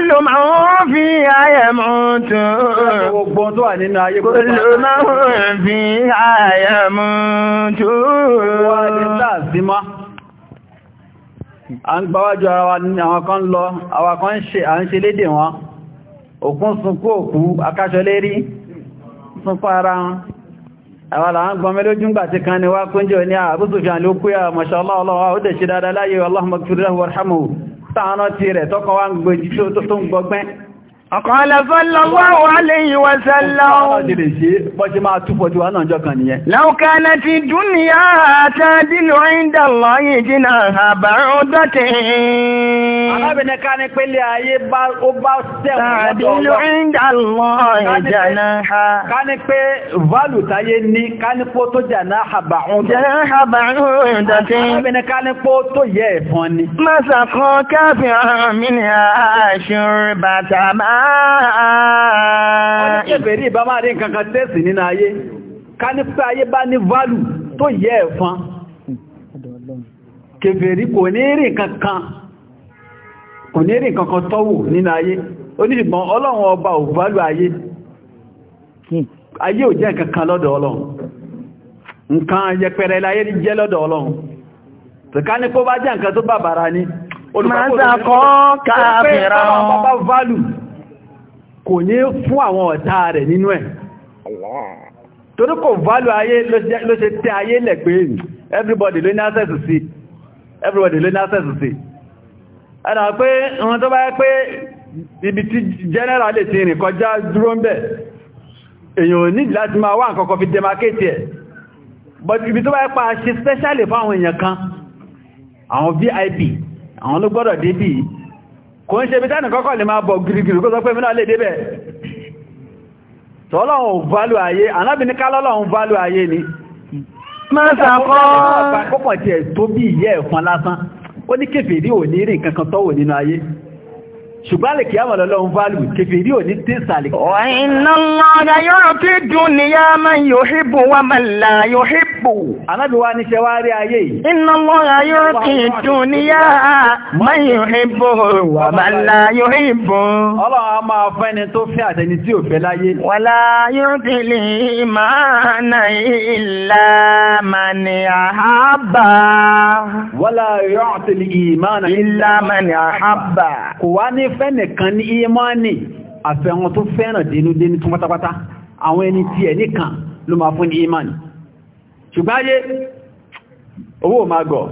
kúlò máa ń a ń gbáwájú ara wa ní àwọn kan lọ àwọn kan à ń ṣe lédè wọn òkun sunkú òkú akáṣọlérí sunkú ara wọn àwọn àwọn gbọmọ lójúngbà ti kan ni wá kúnjẹ ní àbúsùfíàn ló kú yà mashallah ọlọ́wọ́ ó dẹ̀ ṣe dáadáa láyé Allahumma kúrò Ọ̀kọ̀ọ́lẹ̀ sallallahu alayhi wa sallam. Ọ̀rọ̀ lè ṣe bọ́jí máa túnfọ́ tí wá náà jọ kan nìyẹn. Law kanati dunya ta'dilu 'inda Allahi jinaha ba'udatin. Arábìnrin ká ní pélé ayé ó bá sẹ́wọ̀n lọ́dọ̀. Ta'dilu 'inda Allahi jinaha. Ká ní pé Ẹ̀bẹ̀rí ìbá máa rí nǹkankan tẹ́sì nínú ayé, ká ní pé ayé bá ní válù tó yẹ ẹ̀fán. Kèfèrí kò ní rí nǹkankan, kò ní rí nǹkankan nínú ayé, ọlọ́run ọba ò válù ayé. Ayé ò jẹ́ nǹkankan lọ́dọ̀ ọlọ́run. Nǹkan yẹpẹrẹ láyé jẹ́ lọ́dọ̀ ọlọ́run. Tẹ̀ká ní kó bá jẹ́ nǹkan tó ni, kò ní fún àwọn ọ̀tá rẹ̀ nínú ẹ̀ torí kò válù ayé ló ṣe tẹ́ ayé lẹ̀ pé everybody ló ní access sí everybody ló ní access sí ẹ̀nà pé wọn tó bá yẹ pé ibi tí general lè ti rìn kọjá dúró ń bẹ̀ èyàn ní láti máa wá nǹkan kan demarcate ẹ̀ but ibi tó bá yẹ pa ṣe special fáwọn èèyàn kan àwọn VIP àwọn ló gbọ́dọ̀ débì kò ń ṣe bí tánì kọ́kọ́ lè máa bọ̀ gírígírí kó sọ pé mínà lè débẹ̀ tọ́lọ́run válù ayé anábìní kálọ́lọ́run válù ayé ni mẹ́sàkọ́ ṣùgbọ́n kí á mọ̀lọ́lọ́ ń fàálù kèfèrí Inna Allaha yu'ti dunya man yuhibbu wa man yuhibbu. Ànábì wa ní ṣẹwà rí Inna Allaha yu'ti dunya man yuhibbu wa man yuhibbu. Ọlọ́run a máa fún ẹni tó fẹ́ àtẹni tí ò fẹ́ láyé. Wala illa man ahabba. Wala yu'ti al-imana illa man ahabba. Kò wá ní fẹ́ nìkan ní imani àfẹ́wọn tó fẹ́ràn dénúdénú tún pátápátá àwọn ẹni tí ẹ̀ nìkan ló máa fún ní imani ṣùgbọ́n owó máa gọ̀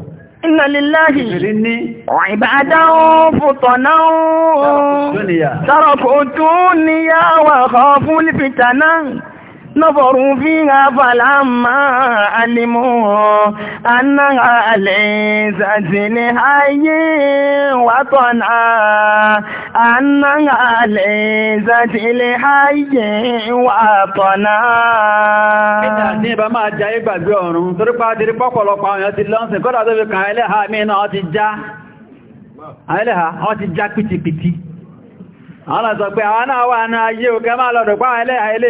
Inna lillahi wa ibadahu futana نظروا فيها فلما علموا أنها ليست لحي وطنا أنها a. لحي وطنا ní atọ na jẹ́ ìgbàgbé ọ̀run torí pọ́pọ̀lọpọ̀ àwọn ti tó fi kàn ẹlẹ́ha mìíràn já ẹlẹ́ha já pìtìpìtì pé àwọn náà wà náà yíò kẹ máa lọ́dọ̀ pàwọn ẹlẹ́ha ilé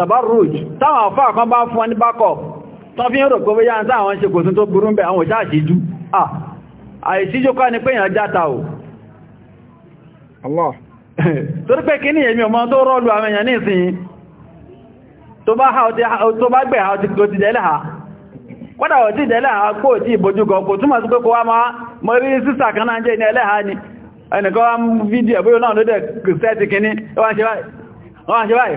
tabarruj táwọn àfá kan bá fún ní bákọ̀ fi ń rò pé bóyá tí àwọn tó burú ń bẹ̀ àwọn òṣáàṣíjú àìsíjú kọ́ ni pé játa <laughs> torí pé kí ní èmi ọmọ tó rọ́lù àwọn èèyàn ní ìsìn ha ti ha ti ha kan ni ẹnìkan wá náà ló dẹ̀ kìíní ṣe báyìí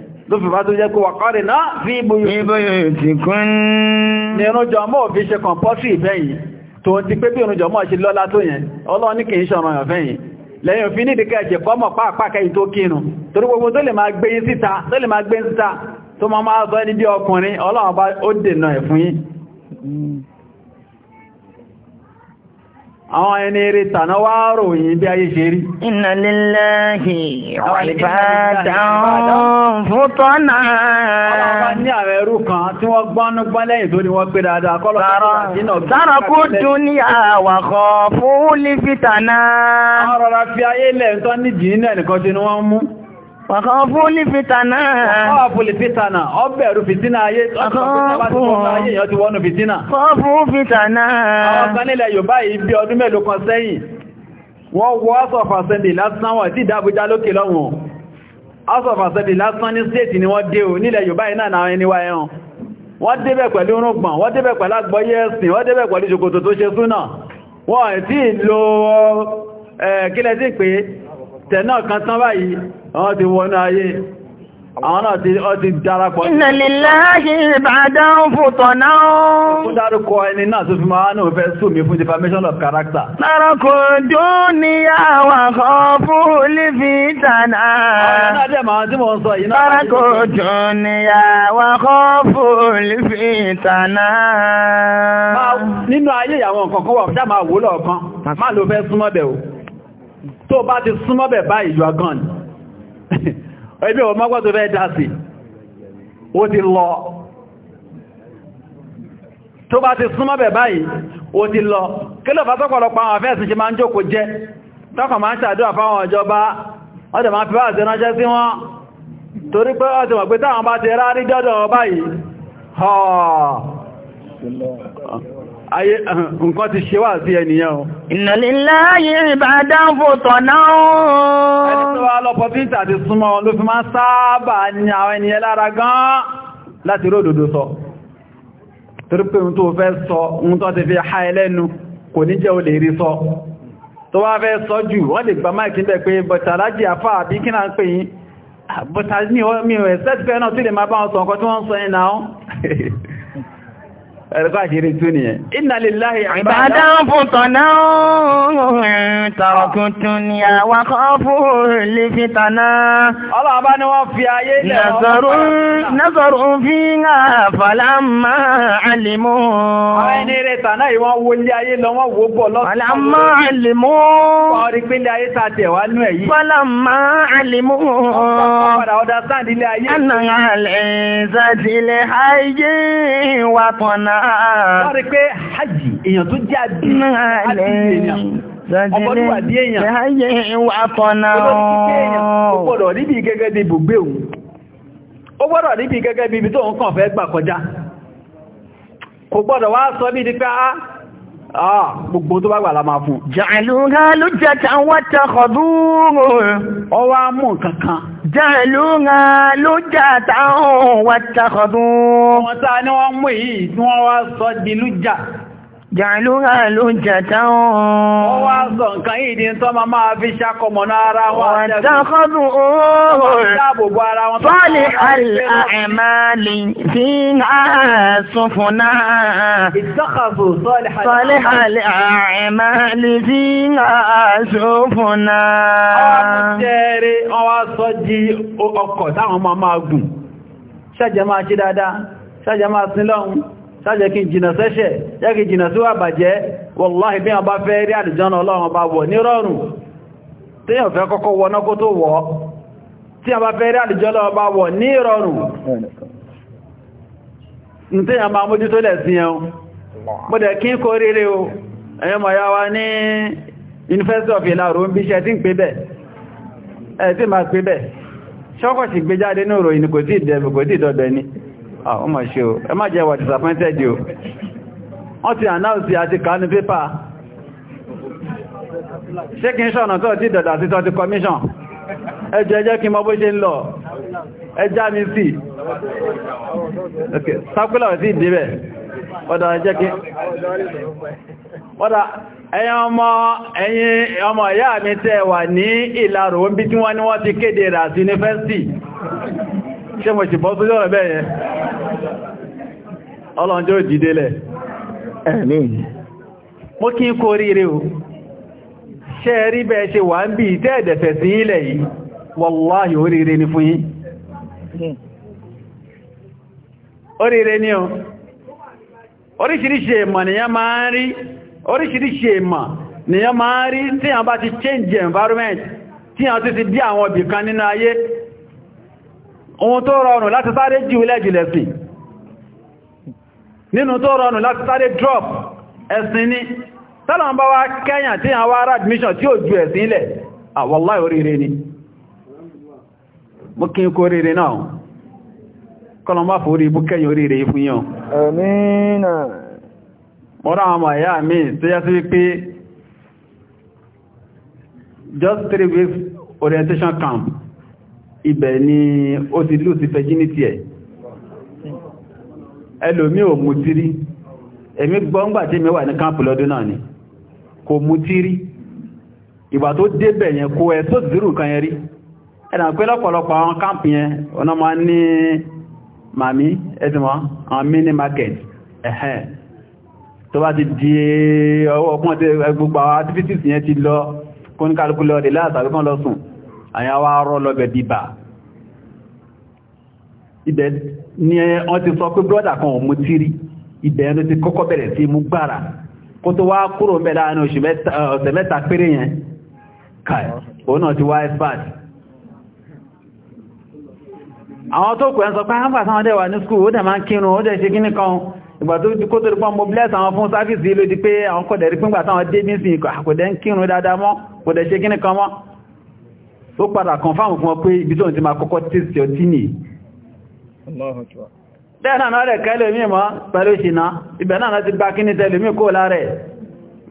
ló fi fàá tó jẹ́ kó wà kọ́rin náà fi ìbòyò ìtìkún ní ẹnújọ mọ́ òfin ṣe kàn pọ́sí ìbẹ́yìn tó ti pé bí ẹnújọ mọ́ ṣe lọ́lá tó yẹn ọlọ́run ní kìí ṣọ̀rọ̀ ọ̀fẹ́yìn lẹ́yìn òfin ní ìdíkẹ́ ẹ̀jẹ̀ kọ́mọ̀ pàápàá tó kínu torí gbogbo tó lè máa gbé yín síta tó lè máa gbé síta tó máa máa sọ ẹni bí ọkùnrin ọlọ́run bá ó dènà ẹ̀ fún àwọn ẹni eré tànà wá ròyìn bí ayé ṣe rí. Inna lillahi ìbádáun fútọ́nà. Ọlọ́pàá ní àwọn ẹrú kan tí wọ́n gbọ́nú gbọ́n lẹ́yìn tó ní wọ́n pé dáadáa kọ́lọ̀ Sárakú dúníà wà kọ́ Wàkọ́ fún ní fìtànà. Wàkọ́ fún ní fìtànà. Ọ bẹ̀rù fìtínà ayé. Wàkọ́ fún fìtànà. Àwọn kan nílẹ̀ Yorùbá yìí bí ọdún mélòó kan sẹ́yìn. Wọ́n wọ́ ọ́sọ̀fà sẹ́ndì lásán wọ̀n tí ìdábújá lókè lọ́wọ́n. Ọ́sọ̀fà sẹ́ndì lásán ní stéètì ni wọ́n dé o nílẹ̀ Yorùbá yìí náà náà ẹni wá ẹ̀hàn. Wọ́n débẹ̀ pẹ̀lú rúgbọ̀n, wọ́n débẹ̀ pẹ̀lú àgbọ́yé ẹ̀sìn, wọ́n débẹ̀ pẹ̀lú ṣòkòtò tó ṣe súnà. Wọ́n ti lo kílẹ̀ sí pé tẹ̀ náà kan tán báyìí wọ́n ti wọnú ayé àwọn náà ti ọ ti darapọ̀ iná lílá ṣe fòtọ̀ náà fún dárúkọ ẹni náà tó fi máa náà fẹ́ sùn fún defamation of character lárọkọ̀ dúníyà wà fún olífi tó bá ti súnmọ́ bẹ̀ báyìí yọ gan ni ẹgbẹ́ ọmọ gbọ́ tó fẹ́ dá ó ti lọ tó bá ti súnmọ́ bẹ̀ báyìí ó ti lọ kí lọ fásọ́pọ̀lọpọ̀ àwọn afẹ́sìn ṣe máa ń jókòó jẹ́ tọ́kọ̀ máa ń ṣàdúrà fáwọn ìjọba ọdẹ̀ máa fi bá ránṣẹ́ wọn torí pé ọdẹ̀ mọ̀ pé táwọn bá ti rárí dọ́dọ̀ báyìí ayé nǹkan ti ṣe wà sí ènìyàn o. ìnàlélá yìí ìbádán fòtọ̀ náà ooo. ẹni tó wá lọ́pọ̀ tí ìtàdí súnmọ́ ló fi máa sáábà ní àwọn ènìyàn lára gan-an láti ródòdó sọ torí pé ohun tó fẹ́ sọ ohun tó ti fi ha ẹlẹ́nu kò ní jẹ́ o lè náà tí lè máa bá wọn sọ tí wọ́n ń sọ yìí náà ẹ̀rẹ́kọ́ àṣírí tún nìyẹn inna lillahi ìbádán fúntọ̀ náà tàrọkùn tún ní àwọn kọ́ọ̀fù lè fi tànà ọlọ́ọ̀bá ni wọ́n fi ayé lẹ̀ nazaru fiha falamma alimu àwọn ẹni rẹ̀ tànà wọ́n wo ayé tàtẹ̀ wá wọ́n ah. rí pé hajj èyàn tó jẹ́ àbí hajj èèyàn ọmọdúnwàdí Ọ níbi gẹ́gẹ́ níbi gẹ́gẹ́ bí tó fẹ́ sọ Ah, gbogbo tó bá gbà la máa fún. Jàlúra ló jẹta wọ́n tẹ́kọ̀dú rẹ̀. Ọ wá mú kankan. Jàlúra ló jẹta wọ́n tẹ́kọ̀dú. Wọ́n tá ní wọ́n mú èyí tí wọ́n wá sọ di lújà. Jàlúhà ló jẹta ọ̀hún. Wọ́n wá sọ nǹkan yìí ní tọ́ ma máa fi ṣàkọmọ̀ náà ara wọn. Wọ́n dákọ́dù oòrùn. Dáàbòbò ara wọn. Fọ́lì àìmáàlì tí náà sún fún náà. Ìtọ́kàbò sọ́lì àìmáàlì tí náà sún fún náà. Àwọn jẹ́rẹ́ wọ́n wá sọ di ọkọ̀ táwọn sáàjẹ́ kí jìnà sẹ́ṣẹ̀ jẹ́ kí jìnà sí wà bàjẹ́ wọ́láhì bí wọ́n bá fẹ́ rí àlùjànnà ọlọ́run bá wọ̀ ní rọrùn tíyàn fẹ́ kọ́kọ́ wọ́ná kó tó wọ́ tí a bá fẹ́ rí àlùjànnà ọlọ́run bá wọ̀ ní rọrùn tíyàn máa mójú tó lẹ̀ sí ẹun mo kí kó o ẹ̀yẹ́ ní òròyìn kò tí ìdẹ̀bù kò tí ni àwọn ah, ọmọ ṣe o ẹ má jẹ́ wà disappointed o wọ́n ti announce àti kánú pépà ṣé kí n ṣọ̀nà tó ti dọ̀dà sí tọ́tí commission ẹjọ́ ẹjọ́ kí mọ bó ṣe ń lọ ẹjá mi sí sákúlà sí ìdíbẹ̀ ọ̀dọ̀ ẹjẹ́ kí ọ̀dọ̀ ẹ̀yin ọmọ ẹ̀yin ọmọ ìyá mi tẹ́ wà ní ìlàrò ní ṣe mọ̀ tó yọ́rọ̀ bẹ́ẹ̀ yẹn ọlọ́njọ́ ìdídélẹ̀ ẹ̀mí mú kí kó ríire o ṣe rí bẹ́ẹ̀ ṣe wà ń bí tẹ́ẹ̀dẹ̀fẹ̀ sí ilẹ̀ yìí wọ́láhì oríire ni fún oríire ni rí tí ti ti àwọn nínú ayé ohun tó rọrùn láti sáré jùlẹ̀ jùlẹ̀ sí nínú tó rọrùn láti sáré drop ẹ̀sìn ní tọ́lọ̀n bá wá kẹ́yàn tí àwọn ará admission tí ó ju ẹ̀sìn ilẹ̀ àwọ̀lá ni mú kí n kó oríire náà fórí ibú kẹ́yàn oríire orientation camp ibẹ̀ ni ó ti lù sí fẹjínítì ẹ̀ ẹlòmí ò mú tírí èmi gbọ́ngbà tí mi wà ní káàpù lọ́dún náà ni kò mú tírí ìgbà tó débẹ̀ yẹn kó ẹ tó zírù kan yẹn rí ẹ̀nà pé lọ́pọ̀lọpọ̀ àwọn káàpù yẹn ọ̀nà máa ní màmí ẹ̀sìnwọ́n àwọn market ẹ̀hẹ́n tó bá ti di ọwọ́ ọkùnrin gbogbo àwọn activities yẹn ti lọ kóníkàlùkù lọ dé láàtàrí àyà wá rọ́ lọ́bẹ̀ bíbà ibẹ̀ ni wọ́n ti sọ pé brọ́dà kan mú tírí ibẹ̀ ẹni ti kọ́kọ́ bẹ̀rẹ̀ sí mú gbára kó tó wá kúrò mẹ́ láàrin ọ̀sẹ̀ mẹ́ta péré yẹn kai òun náà ti wá expert àwọn tó kù ẹ́ sọ pé hánfà ah, sáwọn dẹ̀ wà ní skúl ó dẹ̀ máa ń kírun ó dẹ̀ ṣe kíní kan ìgbà tó padà kan fáwọn fún ọ pé ibi tó ń ti máa kọ́kọ́ tèsì ọtí nì bẹ́ẹ̀ náà rẹ̀ kẹ́lẹ̀ mí mọ́ pẹ̀lú ìṣìná ibẹ̀ náà ti gba kí ní tẹ́lẹ̀ mí kó lárẹ̀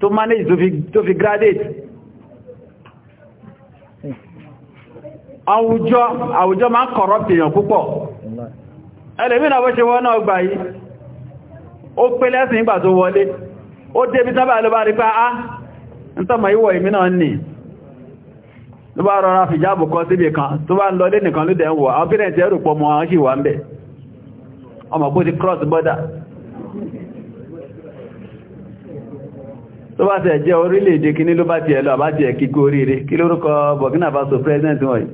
tó manage tó fi graduate àwùjọ àwùjọ máa ń corrupt èèyàn púpọ̀ ẹlẹ́mìnà bó ṣe wọ́n náà gbà yìí ó pé lẹ́sìn ìgbà tó wọlé ó débi sábà ló bá rí ah, ló bá rọra fi jáàbù kọ kan tó bá ń lọ l'ẹ́nì kan ló dẹ̀ ń wọ àwọn pírẹ̀ntì ẹrù pọ̀ mọ́ àwọn sì wà ń bẹ̀ ọmọ kó ti cross border tó bá tẹ̀ jẹ́ orílẹ̀-èdè kí ní ló bá ti ẹ̀lọ àbá ti ẹ̀kí kí lórúkọ Burkina Faso president wọ̀nyí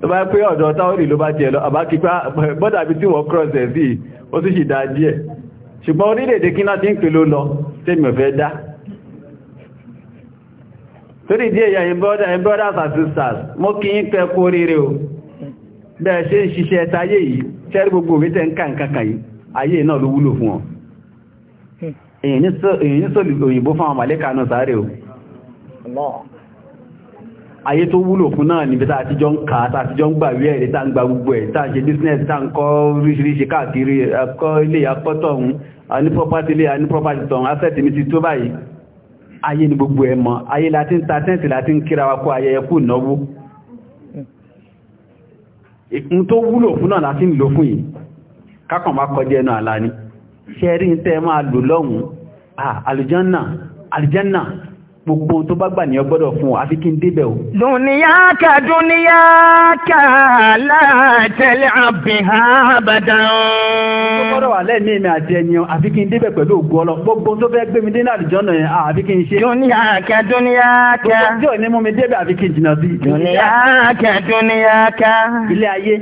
tó bá pé ọ̀dọ̀ táórì ló bá ti ẹ̀lọ àbá bọ́dà <laughs> bí tí wọ́n cross ẹ̀ sí ó sì ṣì dá díẹ̀ ṣùgbọ́n orílẹ̀-èdè kí náà ti ń pè ló lọ tẹ́mi ò fẹ́ dá torí díẹ̀ yà in brothers and sisters mọ́ kí yí pẹ́ kó rere o bẹ́ẹ̀ ṣe ń ṣiṣẹ́ ẹ̀tayé yìí ṣẹ́rí gbogbo òwe tẹ́ ń ká nǹkankan yìí ayé náà ló wúlò fún ọ o ayé tó wúlò fún náà níbi tá àtijọ́ ń kà tá àtijọ́ ń gbà wí ẹ̀rí tá ń gba gbogbo ẹ̀ tá ń ṣe business tá ń kọ́ oríṣiríṣi káàkiri akọ́ ilé akọ́tọ̀ ọ̀hún a ní property ilé tó báyìí ayé ni gbogbo ẹ mọ̀ ayé láti ń ta tẹ́ǹtì láti ń kíra wa kó ayẹyẹ kú náwó ìkún tó wúlò fún náà láti ń lò fún yìí kákan bá kọjá ẹnu àlá ni ṣẹ́rí ń tẹ́ máa lò lọ́hùn gbogbo tó bá gbà ní ọgbọ́dọ̀ fún àfi kí n débẹ̀ o. dùnìyàkà dùnìyàkà látẹ̀lẹ̀ àbìhá àbàdàn. tó gbọ́dọ̀ wà lẹ́ẹ̀mí mi àti ẹ̀yìn àfi kí n débẹ̀ pẹ̀lú ògùn ọlọ gbogbo tó fẹ́ gbé mi dé láàrín jọ́nà yẹn àfi kí n ṣe. dùnìyàkà dùnìyàkà. gbogbo tí ilé ayé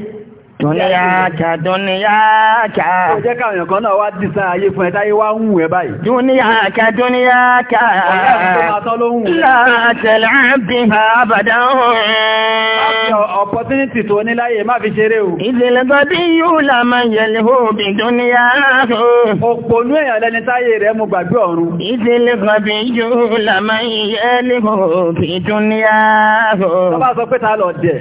Dúníyàkà, dúníyàkà. Ó jẹ́ káwọn èèyàn kan náà wá dìsá ayé fún ẹ̀táyé wá ń wù ẹ báyìí. Dúníyàkà, dúníyàkà. Ọ̀yá ìtọ́mátọ́ ló ń wù ẹ. Láàtẹ̀lá bí i àbàdà ọ̀hún. Ọ̀pọ̀tínítì tó ní láyé má fi ṣeré o. Ìdìlẹ̀gọ́dí yóò là máa yẹ̀lẹ̀ òbí dúníyà. Òpònú èèyàn lẹni táyé rẹ̀ mo gbàgbé ọ̀run. Ìdìlẹ̀gọ́dí yóò là máa yẹ̀lẹ̀ òbí dúníyà. Bàbá sọ pé ta lọ dẹ̀.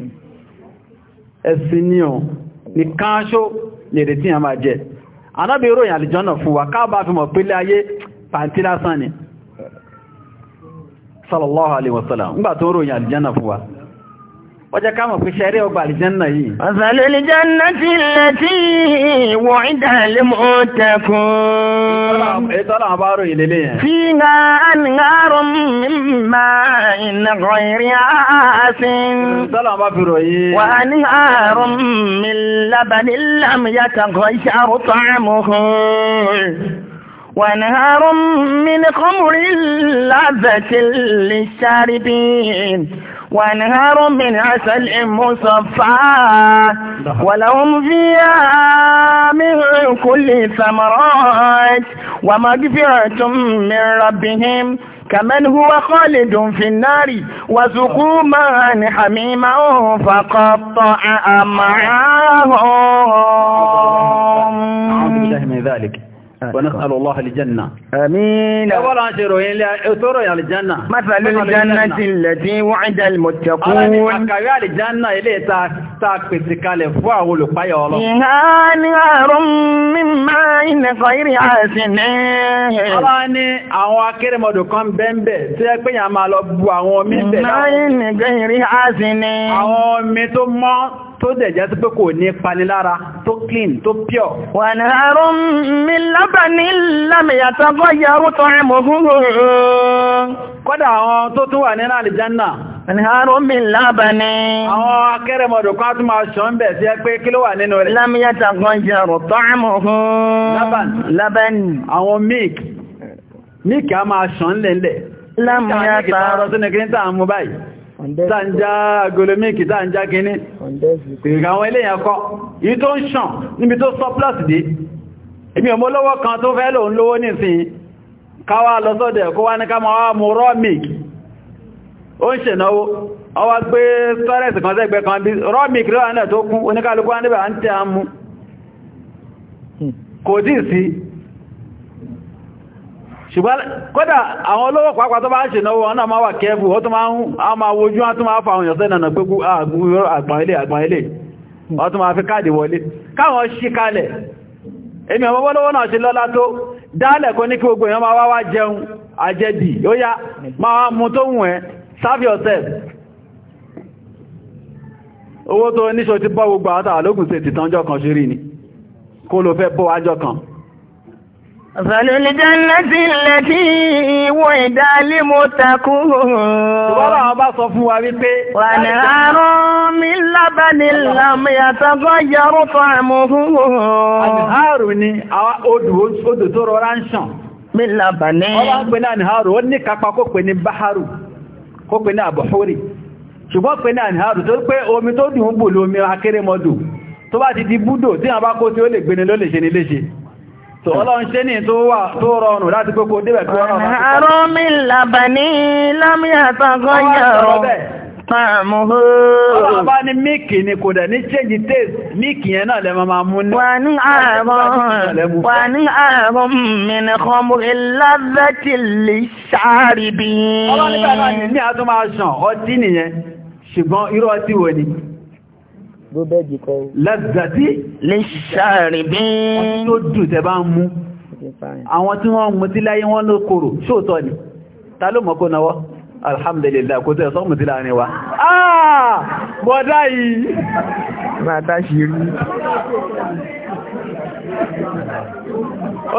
ẹ̀sìn ní ni ní ni lèrè tí a máa jẹ anábì ìròyìn àlìjọ́nà fún wa káàbà fi mọ̀ pílé ayé pàntí ni sallallahu alaihi wasallam nígbà tó ròyìn àlìjọ́nà fún wa wọ́jẹ́ káàmù fi ṣẹ́rí ọgbà àlìjẹ́nà yìí. Masalul jannati allati wu'ida al-muttaqun. ìtọ́lá àwọn bá rò ìlélé yẹn. Fiha anharun min ma'in ghayri asin. ìtọ́lá àwọn bá fi rò yìí. Wa anharun min labanin lam yataghayyaru ta'muhu. وانهار من خمر لذة للشاربين وانهار من عسل مصفى ولهم فيها من كل الثمرات ومغفرة من ربهم كمن هو خالد في النار وزقوا ماء حميما فقطع أمعاهم أعوذ بالله من ذلك ونسأل الله لجنة. آمين أولا أتروا الجنة مثل الجنة التي وعد المتقون أكوى الجنة إليه تاكبت كالفوا ولقايا الله فيها نهار من ماء غير عاسن Ọlá ní àwọn akérèmọdò kan bẹ́ẹ̀bẹ̀ tí ẹ pé yà máa lọ bu àwọn omi bẹ̀rẹ̀. Máa ń gẹ̀rẹ̀ ààsìn ni. Àwọn omi tó tó dẹ̀jẹ́ tó pé kò ní panilára tó clean tó pure. wọ́n ní àrùn mi lábà ní lámìyàtọ̀ bọ́ yàrú tọrin mọ̀gúnrò. kọ́dà àwọn tó tún mi lábà ní. Àwọn akẹ́rẹ̀mọ̀dù kan tún máa ṣọ́ ń bẹ̀ sí ẹ kí ló wà nínú rẹ̀. Lámìyàtà kan jẹ́ ọ̀rọ̀ tọ́rìmọ̀ hún. Lábàn. Lábàn. Àwọn míìk. Míìkì a máa ṣọ́ ń lẹ̀lẹ̀. Lámìyàtà. Kí tàǹjá agolomíkì tàǹjá gíní ìgbàwọn eléyàn kọ́ yìí tó ń ṣàn níbi tó surplus dé èmi ọmọ olówó kan tó fẹ́ lòun lówó nìsìn káwà lọ́sọ́dẹ̀ kó wá ní ká máa mú raw milk ó ń ṣènáwó ọwá gbé storage kan sẹ́gbẹ́ kan bí raw milk rẹ̀ ṣùgbọ́n kódà àwọn olówó pàápàá tó bá ń ṣe náwó ọ̀nà máa wà kẹ́ẹ̀bù ó tó máa ń wojú wọn tó máa fa àwọn ìyànsẹ́ ìnànà pé ah, àgbọ̀n ilé àgbọ̀n ilé ó tó máa fi káàdì wọlé káwọn kó ní yourself owó tó níṣò ti bọ́ gbogbo àtàlógún sí ti tánjọ́ kan fẹ́ bọ́ wájọ́ kan Àfẹ́lẹ́lẹ́jẹ́lẹ́tí lẹ́tí ìwò ìdálé mo takú. Ṣùgbọ́n àwọn bá sọ fún wa wípé. Wà ní àárún mi lábá ní lámì àtàgọ́ yẹrù ni àwọn odò tó rọra ń ṣàn. Mi lábà ní. Ọlá ń pè ní àdìhárùn, ó ní kápá kó Ṣùgbọ́n pè ní tó pé omi tó dùn ún bù lómi akérèmọdù tó bá ti di búdò tí àwọn tí ó lè gbéni ló ṣe ni léṣe tó ọlọ́run ṣe ní tó wà tó rọrùn láti kókó débẹ̀ tó rọrùn láti kókó. àárọ̀ mi làbà ní lámìyàtọ̀ gọ́yà ọ̀ pàmò hó. ọlọ́run ní kò dẹ̀ ní change taste míìkì yẹn náà lẹ́mọ máa mú ní. wà ní àárọ̀ mi ló bẹ́ẹ̀ di kọ́. lẹ́gbàdí lè ṣàrìn bí. wọ́n tó dùn tẹ́ bá ń mú. àwọn tí wọ́n mutí láyé wọ́n ló korò ṣóòtọ́ ni ta ló mọ̀ kó náwọ́ alhamdulillah kò tẹ́ sọ́mù tí láàrin wa ah bọ́dá yìí máa dáṣì rí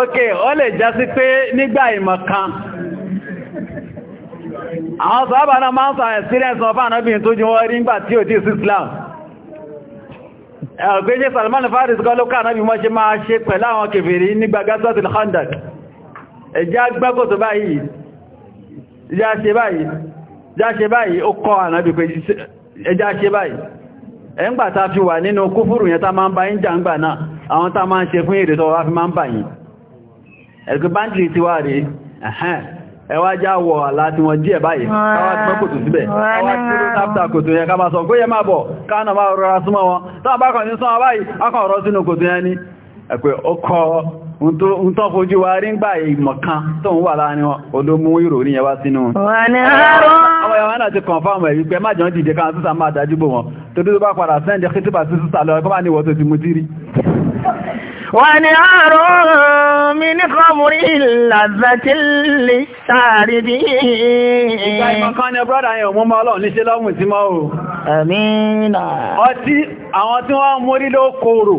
ok ó lè já sí pé nígbà ìmọ̀ kan àwọn sọ́bàá náà máa ń sọ experience ọba ànábìnrin tó jí wọ́n rí nígbà tí ò tí sí Islam ọ̀gbẹ́jẹ́ Salman Faris gọ́lọ́kà náà bí wọ́n ṣe máa ṣe pẹ̀lú àwọn kèfèrí nígbà Ghazwatul Khandaq ẹjá gbákòtò báyìí já ṣe báyìí ẹjá ṣe báyìí ta fi wà nínú kúfùrù yẹn ta ma ń bá yín jàǹgbà náà àwọn ta ma ń ṣe fún èrè fi ma ń bà ẹwà já wọ̀ láti wọn díẹ̀ báyìí káwà tí mọ́kòtò síbẹ̀ káwà tí ó dápta kòtò yẹn ká máa sọ pé yẹ máa bọ̀ káànà máa wọn sán ń tọ́ fojú wa rí ń gbà ìmọ̀kan tó ń wà láàrin olómú ìròrí yẹn wá sínú àwọn ẹ̀wọ̀n náà ti kọ̀nfàmù ẹ̀rí pé májọ̀ dìde kan sísà máa dájúbò wọn tó dúdú bá padà sẹ́ndẹ̀ kìtìbà sí sísà lọ ẹ̀kọ́ bá ní ìwọ̀n tó ti mú tírí ونهار من خمر لذة للشاربين Ìgbàìmọ̀kan ni brọ́dà yẹn ò mú máa lọ níṣẹ́ lọ́mù àwọn tí wọ́n mórí ló kòrò.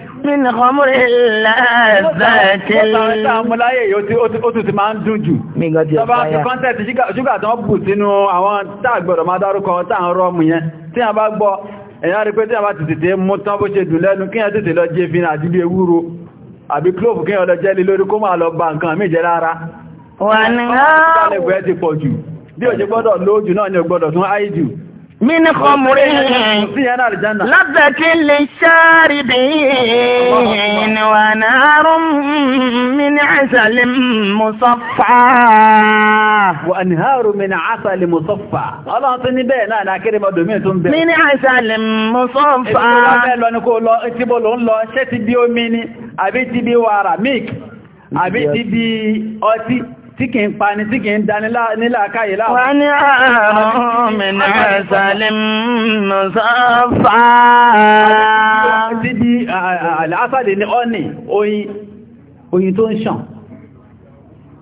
bin khamri lazati. Wọ́n ta mú láyé ó ti máa ń dùn jù. Mi rí pé tí a bá ti tètè mú tán bó ṣe dùn lẹ́nu kí a tètè lọ jẹ́ fínà àti bí ewúro. Àbí klóòfù kí a lọ jẹ́ lé lórí kó máa lọ ba nǹkan mí jẹ́ rárá. Wà ní من خمر لذة للشاربين ونار من عسل مصفى وأنهار من عسل مصفى الله أعطني بينا أنا كريم أدومين تنبيه من عسل مصفى إتبو لون لون شتي بيوميني أبي تبي وارا ميك أبي تبي أوتي tí kìí pa ní tí kìí dá nílà láàrín. wọ́n ní àrùn mìnà ọrụ musafa. dídí àlásàdé ní ọ́nì oyin tó ń ṣàn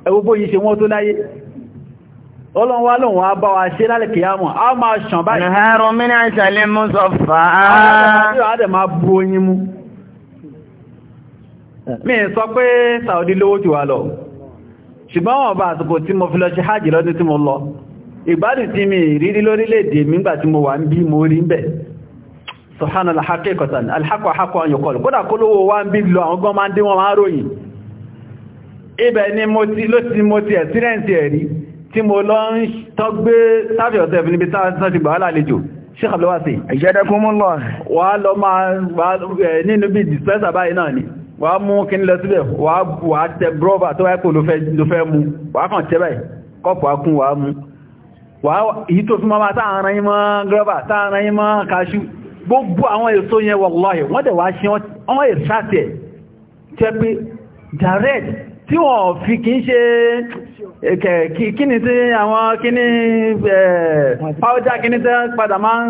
ẹgbogbo yìí ṣe wọ́n tó láyé ọlọ́run lòun á bá wa ṣe a máa ṣàn báyìí. mi sọ pé Saudi lówó jù lọ. ṣùgbọ́n wọn bá àsìkò tí mo fi lọ ṣe hajj lọ́dún tí mo lọ ìgbádùn tí mi rírí lórílẹ̀-èdè mígbà tí mo wà ń bí mo rí ń bẹ̀ sọ̀hánà alhaqi kọ̀tàn alhaqi ahaqi ọyọ̀kọ̀lù kódà kó lówó wá ń bí lọ àwọn gan máa ń dé ni mo ti ló ti mo ti ẹ̀sírẹ́ǹsì ẹ̀rí tí mo lọ ń tọ́gbé sáfì ọ̀sẹ̀ níbi sáfì gbà lálejò ṣíkàlọ́wàsì ìjẹ́dẹ́kúnmọ́lọ́ wà lọ máa wàá mú kí ní lọ síbẹ̀ wàá tẹ brọ́bà tó wáyé kò ló fẹ́ mú wàá kàn tẹ́ báyìí kọ́pù akún wàá mú yìí tó fún mama táàrin yí mọ́ grọ́bà táàrin yí mọ́ kaṣú gbogbo àwọn èso yẹn wallahi wọ́n dẹ̀ wá ṣe wọ́n extract ẹ̀ tẹ́ pé direct tí wọ́n fi kí ń ṣe kí ni tí àwọn kí ni powder kí ni tẹ́ padà máa ń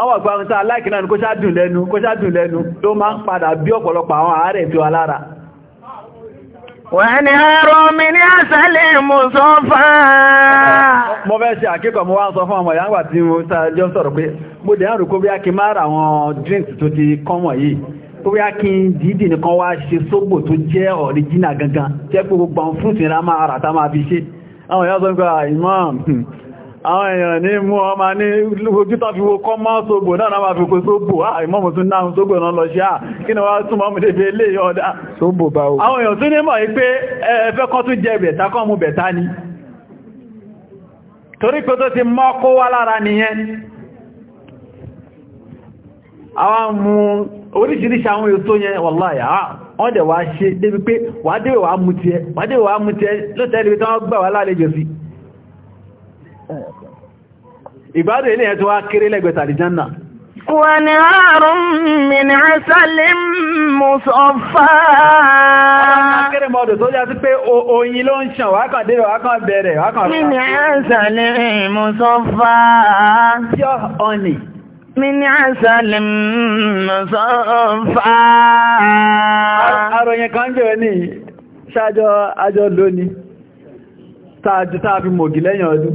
àwọn àgbàrin tàà láìkì náà kó ṣádùn lẹ́nu kó ṣádùn lẹ́nu ló máa ń padà bí ọ̀pọ̀lọpọ̀ àwọn àárẹ̀ tí wà lára wọ́n ni ọrọ̀ mi ní àṣálẹ̀ mú sọ fún mọ́ fẹ́ ṣe àkíkọ̀ mọ́ wá ń sọ fún ọmọ ìyàngbà tí àwọn èèyàn ní mú ọmọ ní ojútọ́ fi wo kọ́ máa sógbò náà máa fi kó sógbò àà ah, ìmọ́mù tún náà sógbò náà lọ ṣáà ah, kí ni wá sógbò bá o àwọn èèyàn tún ní mọ̀ kọ́ tún jẹ bẹ̀ta kọ́ mú bẹ̀ta ni torí pé tó ti mọ́ kó wá lára nìyẹn ah, wọ́n mú ìbádẹ̀ ilé ẹ̀ tó wá kéré lẹ́gbẹ̀ta àdìjánà wani àrùn min asalin musaffa kéré mọ́dù tó já sí pé oyin ló ń ṣàn wákàn dé wákàn bẹ̀rẹ̀ wákàn rẹ̀ min asalin musaffa yọ́ ọ̀nì min asalin musaffa àròyìn kan jẹ́ ní ṣájọ́ ajọ́ lónìí tààjú tààfi mògì lẹ́yìn ọdún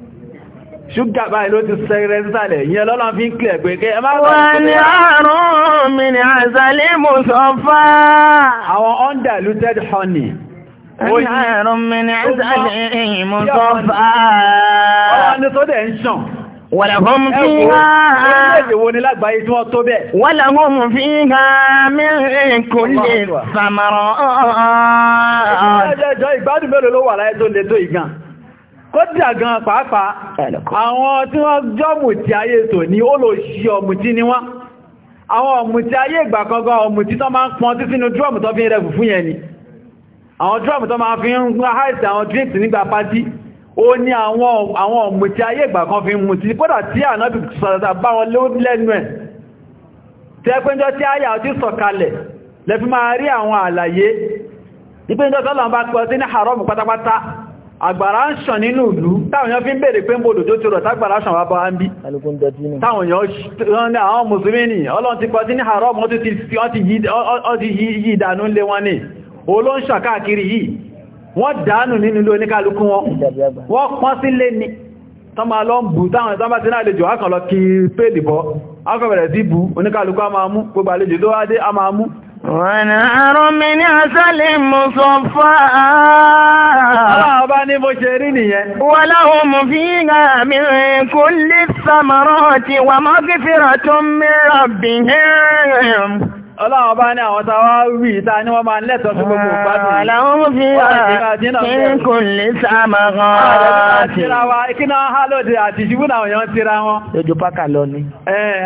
ṣúgà báyìí ló ti sẹ́rẹ̀ sálẹ̀ ìyẹn lọ́lọ́ fi ń kílẹ̀ pé kẹ́ ẹmá wà ní àrùn mi ni àzàlẹ̀ mú sọ fà àwọn undiluted honey àrùn mi ni àzàlẹ̀ mú sọ fà ọwọ́ ní tó dẹ̀ ń ṣàn Wàlàhùn fi ha Wàlàhùn fi ha mẹ́rin kò lè sàmàrán ọ̀ọ̀. Ẹjọ́ ìgbádùn mẹ́rin ló wà láyé tó lè tó ìgàn kódà gan pàápàá àwọn tí wọ́n jọ mùtí ayé tò ní ó lò ṣí ọmùtí ni wọ́n àwọn ọmùtí ayé ìgbà kankan ọmùtí tó máa ń pọn títí inú drọ́mù tó fi ń rẹ̀ fún yẹn ni àwọn drọ́mù tó máa fi ń háìsì àwọn drinks nígbà pátí ó ní àwọn ọmùtí ayé ìgbà kan fi ń mùtí kódà tí ànábì sọ̀rọ̀ bá wọn lẹ́nu ẹ̀ tẹ́gbẹ́jọ́ tí àyà ọdí sọ̀kalẹ̀ lẹ́fí máa rí àwọn àlàyé ìgbẹ́jọ́ tọ́lọ̀ àgbàrá ń ṣàn nínú ìlú táwọn èèyàn fi ń bèèrè pé ń bòdò tó ti rọ̀ tágbàrá ṣàn wá bá ń bí táwọn èèyàn àwọn mùsùlùmí ni ọlọ́run ti pọ̀ sí ní haram wọ́n ti yí ìdánú lé wọn ní olóńṣà káàkiri yìí wọ́n dánù nínú ilé oníkálukú wọn wọ́n pọ́n sí lé ní tán máa lọ ń bú táwọn ìtàn bá ti náà Wọ̀nàárún mi ní àṣálì mùsọ̀fà. Aláàbá ní bó ṣe rí nìyẹn. Wọ́n láwọn mú fi ìgbà mi rìn kó lè sàmàrán ti wà mọ́ kí fìrà tó mìíràn bí hẹ́rẹ̀m. Ọlọ́run bá ní àwọn tàwà wí ìta ní wọ́n máa ń lẹ́tọ̀ọ́ sí gbogbo ìpàdé. Àlàó fi ààrín kò lè sàmàrán àti. Kí náà há lóde àti ṣubú náà yàn ń wọn? Lójú pákà lọ ni. Ẹ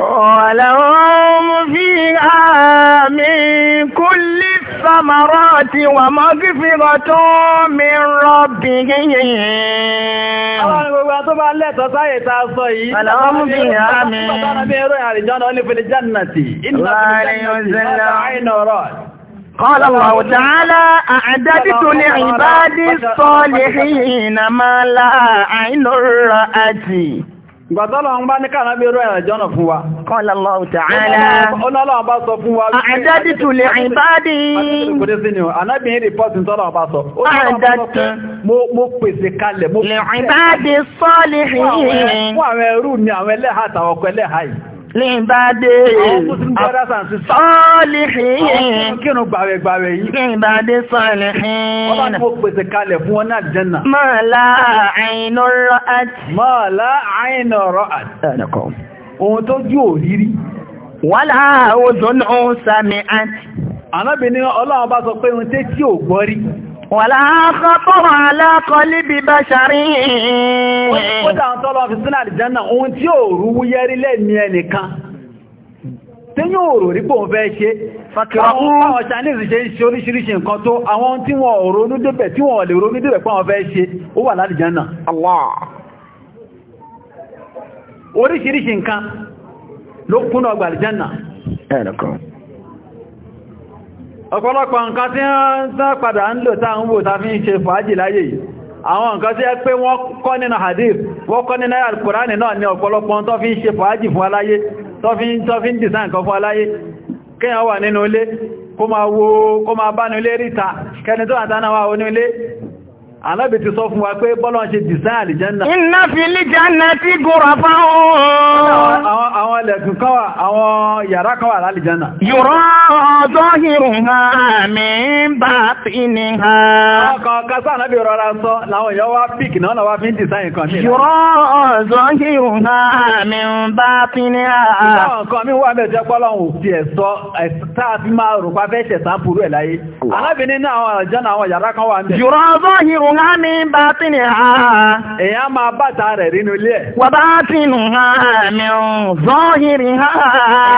ولهم فيها من كل الثمرات ومغفرة من ربهم tó bá lẹ́tọ̀ sáyé ta sọ yìí aláwọ̀mú fi ní àmì ìròyìn àrìjọ́nà onífẹ́lẹ̀ jannati iná قال الله تعالى أعددت لعبادي الصالحين ما لا عين رأت Gbàtọ́lọ̀ ń bá ní kànáà bí rọ ẹ̀rẹ̀ jọ́nà fún wa. Qala Allahu ta'ala. Ọlọ́lọ́wọ́ bá sọ fún wa. A'dadtu li'ibadi. Àkùdé sí ni, ànábìnrin rìpọ́tì tọ́lọ̀ bá sọ. Mo pèsè salihin. Fún àwọn ni àwọn ẹlẹ́hà àtàwọn ọkọ̀ Límbádé sọ́ọ̀lìhìn. Kínú gbàwẹ̀gbàwẹ̀ yìí. Límbádé sọ́ọ̀lìhìn. Ọba ni mo pèsè kalẹ̀ fún wọn náà jẹ́nà. Máa lá àìnà rọ́àt. Máa lá àìnà rọ́àt. Ẹnìkan. Ohun tó jú òrírí. Wà láàá Wàlá àkọ́kọ́rọ̀ alákọ̀ọ́lì bí bá ṣàrí. Ó dáun tọ́lọ fi sínà àlìjánà, ohun tí ò rú wúyẹ́rí lẹ́mí ẹnìkan. Tí yóò rò rí bóun fẹ́ ṣe, àwọn Chinese ṣe ń ṣe oríṣiríṣi nǹkan tó àwọn tí wọ́n ronú débẹ̀ tí wọ́n lè ronú débẹ̀ pọ́n fẹ́ ṣe, ó wà lálìjánà. Allah. nǹkan ló kúnnà ọ̀pọ̀lọpọ̀ nǹkan tí wọ́n ń tán padà ń lò táa ń wò ta fi ń ṣe fàájì láyé yìí àwọn nǹkan tí ẹ pé wọ́n kọ́ nínú hadith wọ́n kọ́ nínú alkùránì náà ni ọ̀pọ̀lọpọ̀ tó fi ń ṣe fàájì fún aláyé tó fi ń dìsá nǹkan fún aláyé kíyàn wà nínú ilé kó máa wo kó máa bá nílé ríta kẹni tó àtànà wà onílé Ànábì ti sọ fún wa pé bọ́lọ́ ṣe dìsán àlìjẹ́nà. Iná fi líjẹ́nà tí gòrò fá oòrùn. Àwọn ẹlẹ́kùn kan àwọn yàrá kan ha mi bá ti ní ha. fi ha mi bá ti ní ha. Ìtàwọn nǹkan mi wà mẹ́jọ pọ́lọ́ òfì a fi máa na pa fẹ́ ṣẹ̀sán purú ẹ̀ láyé. Ànábì nínú lámí bá tí ní ha. Èyàn máa bàtà rẹ̀ rínú ilé ẹ̀. Wà bá tí nù ha mi ò zọ́hìrì ha.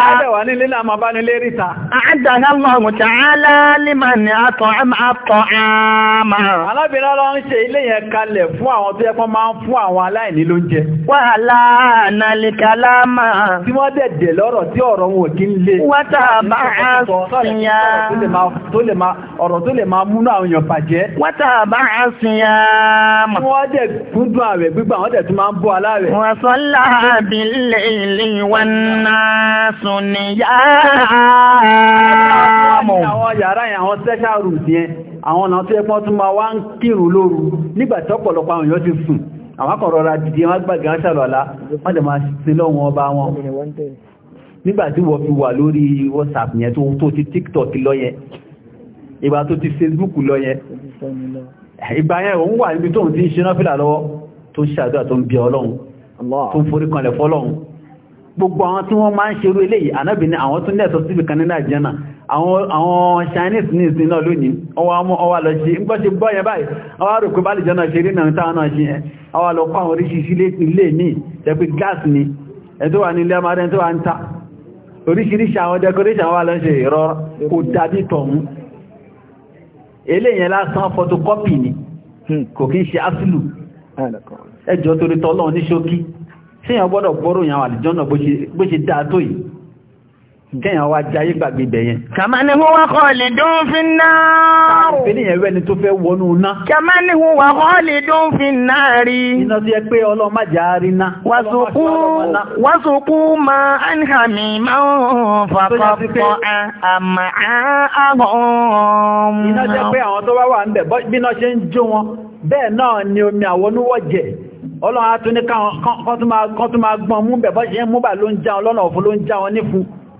Àádẹ́wà ní lílà máa bá nílé ríta. Àádàgá lọ́rùn tààlá límà ní àtọ̀ àtọ̀ àmà. Alábìnrin ọlọ́run ṣe ilé yẹn kalẹ̀ fún àwọn tó yẹ kó máa ń fún àwọn aláìní lóúnjẹ. Wàhálà nàlìkàlá Tí wọ́n dẹ̀ lọ́rọ̀ tí ọ̀rọ̀ wọn ò kí ń le. Wọ́tà bá a sọ̀yà. Ọ̀rọ̀ tó lè máa múnú àwọn èèyàn bàjẹ́. Wọ́tà bá a síyáàmù. Wọ́n dẹ̀ tún dùn gbígbà, wọ́n dẹ̀ tún máa ń bọ́ aláàrẹ̀. Wọ́n sọ láàbí lè lè wọ́n náà sùn ní yáàmù. Àwọn yàrá yẹn, àwọn special àwọn ọ̀nà tó wọ́n fi wà lórí WhatsApp yẹn tó ti TikTok lọ ìgbà tó ti Facebook lọ ìgbà yẹn òun wà níbi tóun ti ń ṣe náfílà lọ́wọ́ tó ṣàdúrà tó ń bí ọlọ́run tó ń forí kanlẹ̀ fọ́lọ́run gbogbo àwọn tí wọ́n máa ń ṣerú eléyìí ànábì ní àwọn tún lẹ́ẹ̀sọ síbi kan nínú àjẹ́nà àwọn chinese ní ìsin náà lónìí ọwá lọ ṣe ń gbọ́ṣe gbọ́ yẹn báyìí ọwá rò pé bá lè ṣe rí náà táwọn náà ṣe ọwá lọ kọ́ àwọn oríṣiríṣi ilé ní jẹ́pẹ́ gas ni ẹ̀tọ́ wà ní ilé amárẹ́ tó wà ń ta oríṣiríṣi àwọn decoration wà lọ́ṣe ìrọ́ kò dàbí tọ̀hún eléyẹn lásán fotokọ́pì ni hmm. kò kí ṣe asìlù ah, ẹjọ́ torí tọ́lọ́ ní ṣókí síyàn gbọ́dọ̀ gbọ́rò yàn àlìjọ́nà bó ṣe dáa tó yìí kẹ́yàn wá jẹ́ ayé gbàgbé bẹ̀yẹn. kàmá ní wọ́n wá kọ́ lè dún fi náà. ìpínlẹ̀ yẹn wẹ́ni tó fẹ́ wọnú iná. kàmá ní wọ́n wá kọ́ lè dún fi náà rí. iná tó yẹ pé ọlọ́run má jà á rí ná. wàsùkú ma ń hà mí máa ń fàkọ́ pọ̀ àmà àgùn. iná jẹ́ pé àwọn tó bá wà ń bẹ̀ bí iná ṣe ń jó wọn bẹ́ẹ̀ náà ni omi àwọnúwọ̀jẹ̀ ọlọ́run á tún ní kán tún máa gbọ́n mú bẹ̀ bọ́ ṣe ń mú ló ń já wọn lọ́nà ọ̀fun ló ń já wọn nífun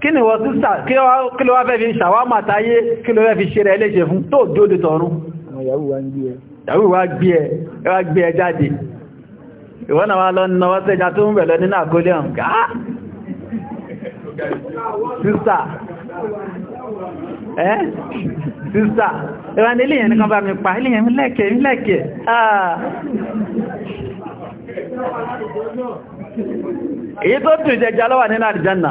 kí ni wọ́n sísà kí ló wá fẹ́ fi ń ṣàwámà táyé kí ló fẹ́ fi ṣe rẹ̀ léṣe fún tó dóde tọrún yàwó wá gbé ẹ jáde ìwọ́n àwọn lọ náwọ́ ni iléyẹn nìkan bá mi pa iléyẹn mi lẹ́kẹ̀ẹ́ mi ah! èyí tó dùn jẹjà lọ́wà nínú àdìjánà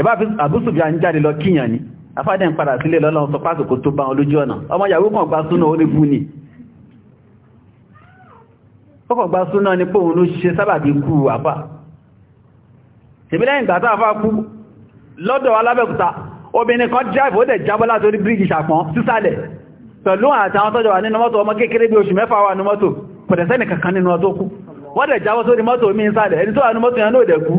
ìbá àbúsùfì à ń jáde lọ kíyàn ni afádẹ́ ń padà sílé lọ́lọ́run sọ pásìkò tó bá wọn lójú ọ̀nà ọmọ yàwó kan gba súnà ó ní bú ni ọkọ̀ gba súnà ní pòun ló ṣe sábàbí kú àfà tèbílẹ́yìn gbàtà àfà kú lọ́dọ̀ alábẹ́kúta obìnrin kan drive ó dẹ̀ jábọ́ látorí bíríjì sàpọ̀n sísàlẹ̀ pẹ̀lú àtàwọn tọ́jọ wà nínú mọ́tò ọmọ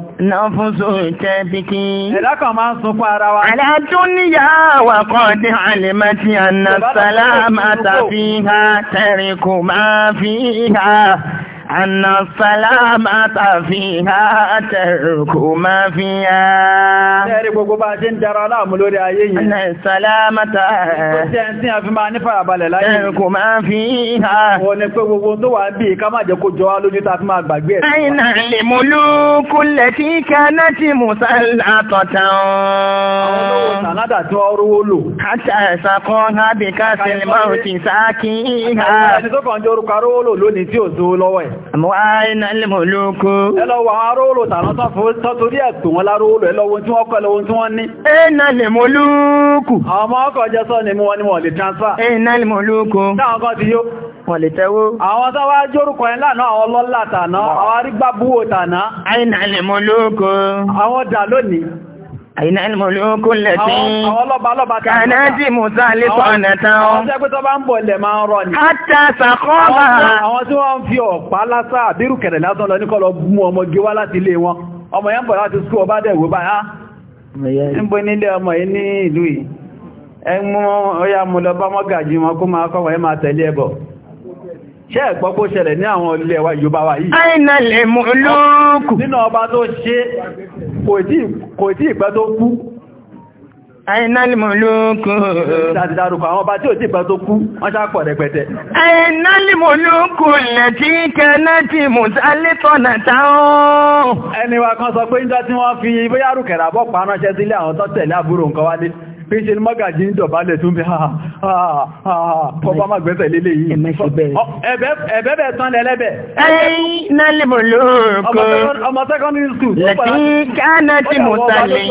Nàfúsù tẹ́bíkí. Ẹ̀dá kan máa ń sun fún ara wa. Àlátúníyà wà kan dé àlèmọ́ tí a nà sálámà tàbí ha tẹ̀rìnkù máa fi ha. أن السلامة فيها ترك ما فيها أن السلامة ترك ما فيها أين الملوك التي كانت مسلطة حتى سقوها بكاس الموت ساكيها Àmúwáyín alìmọ̀ olóko. Ẹlọ́wọ̀ àwọn aróòrò tààrán tọ́torí ẹ̀tù wọn láróòrò ẹlọ́wọ̀ tí wọ́n kọ́ ẹlọ́wọ̀ tí wọ́n ní. Ẹ̀nà alìmọ̀ olóko. Àwọn ọmọ ọkọ̀ jẹ́ sọ́ ni mú wọn ni wọ́n lè transfer. Ẹ̀nà alìmọ̀ olóko. Táwọn kan ti yó wọ́n lè tẹ́wó. Àwọn tọ́wà jórùkọ̀ ẹ̀ lánàá àwọn ọlọ́lá tàná, àwọn arígbábúwò tàná. Àìnà ilẹ̀ mọ́ lóòkó. Àwọn dà lónìí. Àìná ìmọ̀lúkú lẹ́tí kàná tí mú sáàlé kọ́nà tán. Àwọn tí ẹgbẹ́ta wọ́n fi ọ̀pá kẹ̀rẹ̀ lásán lọ níkọ́ lọ mú ọmọ gé wá láti ilé wọn. Ọmọ yẹn bọ̀ láti ọba dẹ̀ ṣé ẹ̀gbọ́ kó ṣẹlẹ̀ ní àwọn ilé wa Yorùbá wa yìí àìnà lè mú lóòkù nínú ọba tó ṣe kò tí ìpẹ́ tó kú àìnàlì mọ̀ lóòkù láti dárúkọ àwọn ọba tí ò tí ìpẹ́ tó kú wọ́n ṣàpọ̀ rẹpẹtẹ àìnàlì mọ̀ lóòkù lẹ̀ wa kan pé ṣe ní mọ́gàjí ń dọ̀bálẹ̀ tún bí ọba má gbẹ́sẹ̀ lélẹ̀ yìí ẹ̀bẹ̀bẹ̀ tán lẹ́lẹ́bẹ̀ ẹ̀yìn náà lè mọ̀ lóòkó ọmọ secondary school lẹ́tí káàná tí mọ̀sálẹ̀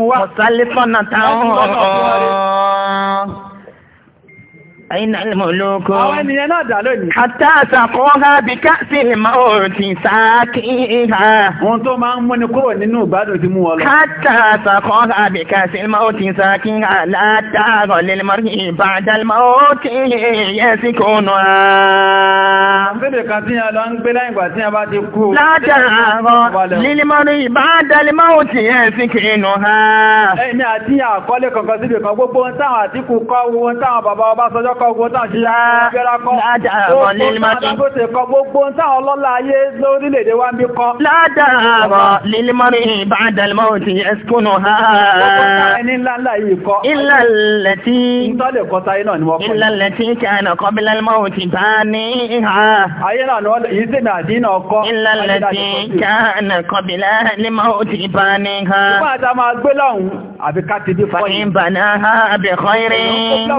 mọ̀sálẹ̀ fọ́nà táwọn Àyínà ìmọ̀lókó. Àwọn ènìyàn náà dà lónìí. Àtà àsàkọ́ra bí káàsì ìmọ̀ òtì sáàkì ìhà. Wọ́n tó máa ń múni kúrò nínú ìbádùn ti mú wọ́n lọ. Àtà àsàkọ́ra bí káàsì ìmọ̀ òtì sáàkì ìhà látàrọ̀ lélẹ́mọ̀rí ìbádàlmọ̀ òtì yẹ sí kónú à. Bébè kan tí yẹn lọ ń gbé láyìn ìgbà tí yẹn bá ti kú. Látàrọ̀ lélẹ́mọ̀rí ìbádàlmọ̀ kọ ogun náà ṣe láàdàrọ̀ lílímọ́tí. Ó ti kọ gbogbo ń táwọn ọlọ́lá ayé lórílẹ̀-èdè wa ń bí kọ. Láàdàrọ̀ lílímọ́rí ìbádàlmọ́ ti ẹskúnù ha. Ìlàlẹ̀tí kàánà kọbílálmọ́ ti bá ní ìhà. Ayé náà ni wọ́n yìí sí Nàìjíríà ọkọ. Ìlàlẹ̀tí kàánà kọbílálmọ́ ti bá ní ìhà. Ìgbà àti a máa gbé lọ́hùn àbíká ti bí fàyín. Fàyín bà náà ha àbẹ̀kọ́ irin. Ó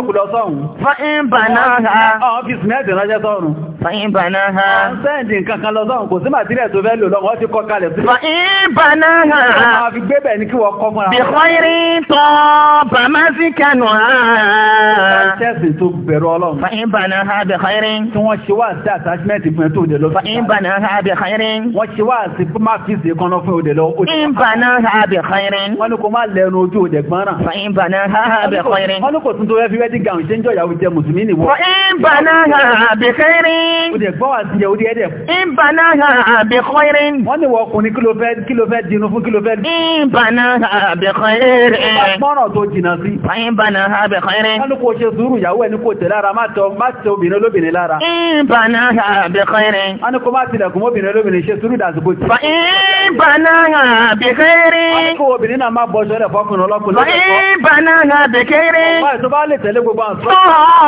fàyín bàná ha. Àwọn ọ́fíìsì mẹ́ẹ̀tì ránṣẹ́ sọ́run. Fàyín bàná ha. Àwọn sẹ́ǹdì nǹkan kan lọ sọ́run kò sí màtílẹ̀ tó fẹ́ lò lọ́wọ́ ti kọ́ kalẹ̀ sí. Fàyín bàná ha. Àwọn àfi gbé bẹ̀ ní kí wọ́n kọ́ fúnra. Bẹ̀kọ́ irin tọ́ bàmá sí kanu ha. Ṣẹ́sì tó bẹ̀rù ọlọ́run. Fàyín bàná ha bẹ̀kọ́ irin. Tí wọ́n ṣe wá sí àtàṣímẹ́ǹtì fún ẹ tó dẹ̀ lọ. Fàyín bàná ha bẹ̀kọ́ irin. Wọ́n ṣe wá sí máa fi ṣe kan lọ fún òdẹ̀ lọ. Fàyín bàná ha bẹ̀kọ́ irin. Wọ́n ní kò má lẹ́nu ojú òdẹ̀ gbọ́nràn. Fàyín bàná ha bẹ̀kọ́ irin. Wọ́n ní kò tún tó fẹ́ fi wẹ́dí gàùn ṣe ń jọ ìyàwó jẹ mùsùlùmí nìwọ. ìbànà àbẹ̀kẹ́rí. ó dẹ̀ gbọ́ àti yẹ̀ ó dẹ̀ dẹ̀. ìbànà àbẹ̀kẹ́rí. wọ́n ní wọ ọkùnrin kí ló fẹ́ kí ló fẹ́ dínú fún kí ló fẹ́. ìbànà àbẹ̀kẹ́rí. àgbọ̀nràn tó jìnnà sí. ìbànà àbẹ̀kẹ́rí. wọ́n ní kò ṣe sùúrù ìyàwó ẹni kò tẹ̀ lára má tẹ obìnrin olóbìnrin lára. ìbànà àbẹ̀kẹ́rí. wọ́n ní kò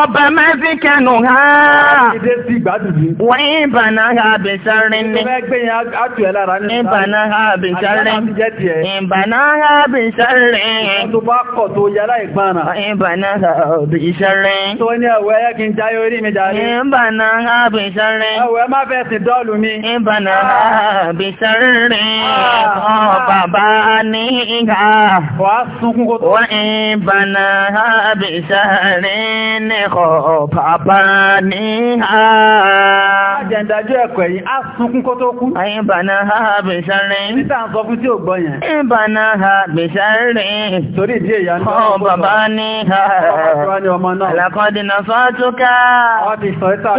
ọba mẹ́sí kẹnu ha. Wọ́n ìbànà ha bìsárin ní. Ìbànà ha bìsárin. Ìbànà ha bìsárin. Ìbànà ha bìsárin. Tó ní ẹ̀wọ̀ ẹyẹ́ kí n jáyé orí mi jàrí. Ìbànà ha bìsárin. Ẹ̀wọ̀ ẹ má fẹ́ sí dọ́ọ̀lù mi. Ìbànà ha bìsárin. Ah. Ọ̀bàbá ní ìhà. Wà á sunkún kó tó. Wọ́n ìbànà ha bìsárin ẹ̀kọ́ bàbá ní ha. Àjẹ̀ndájú ẹ̀kọ́ yìí á sunkún kó tó kú. Àyíbàná ha bèṣẹ́rin. Títà ń sọ fún tí ò gbọ́ yẹn. Ìbàná ha bèṣẹ́rin. Torí ìdí èyà ní ọmọ bàbá ní ha. Àlàkọ́dínà sọ́túká. Wọ́n ti sọ ìtàn.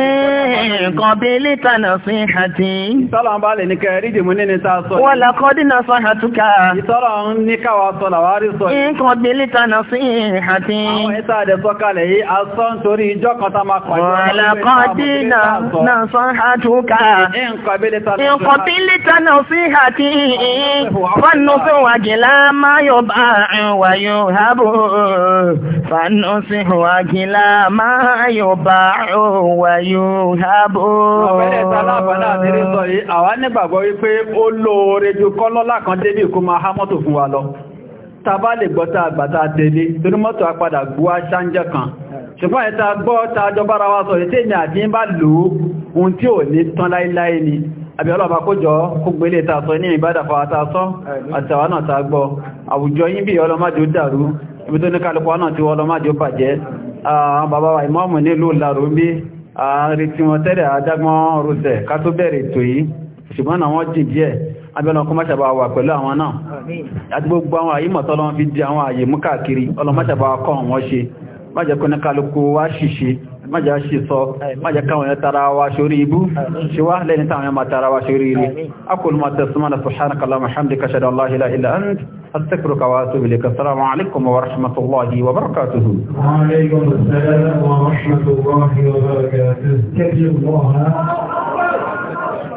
Nǹkan bí lítà náà sí àti. Ìtọ́lọ̀ ń bá lè ní kẹrí ìdìmú nínú sọ. Wọ́n làkọ́dínà sọ àtúká. Ìtọ́lọ̀ bí lítà náà sí àti. Àwọn torí ìjọ kan tá máa pàdé ọ̀làkọ́dínà náà sọ àtúkà ìkọ̀bílítà náà sí àti fánú sí wàgìlá máa yóò bá wà yóò hábò fánú sí wàgìlá máa yóò bá wà yóò hábò àwọn nígbàgbọ́ wípé ó lóore ju kọ́lọ́lá kan débì àgbàta délé torí mọ́tò apadà gbọ́ aṣáńjẹ́ kan ṣùgbọ́n ẹ̀ta gbọ́ ta jọbára wa sọ ètè ní àdín bá lò ohun tí ò ní tán láíláí ni àbí ọlọ́ọ̀bá kó jọ kó gbélé ta sọ ní ìbádàfà àtàsọ́ àtàwà náà ta gbọ́ àwùjọ yín bí ọlọ́májò dàrú ibi tó ní kálùkọ́ náà tí ọlọ́májò bàjẹ́ àwọn bàbá wa ìmọ́ọ̀mù nílùú làrú bí àrètí wọn tẹ́lẹ̀ adágbọ́n rúsẹ̀ ká tó bẹ̀rẹ̀ ètò abẹ́lọ kó máṣàbà wà pẹ̀lú àwọn náà àti gbogbo àwọn àyímọ̀tọ́lọ́wọ́n fi di àwọn àyè mú káàkiri ọlọ́máṣàbà kọ́ wọn ṣe má jẹ́ kó ní kálukú wá ṣìṣe má jẹ́ ṣì sọ má jẹ́ káwọn yẹn tara wa ṣorí ibú ṣe wá lẹ́ni táwọn yẹn ma tara wa ṣorí rí aqulu ma tasma'una subhanaka allahumma hamdika ashhadu an la ilaha illa ant astaghfiruka wa atubu ilayk assalamu alaykum wa rahmatullahi wa barakatuh wa alaykum assalam wa rahmatullahi wa barakatuh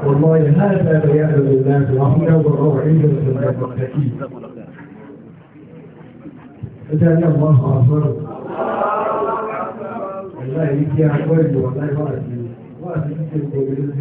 والله هذا بيان لله الرحمة والروعية لله الحكيم. فدعنا الله أكبر Ẹ̀lá èyí kí a gbọ́ ìlú ọ̀lá ìwádìí, wọ́n àti títẹ̀ gbogbo ìlú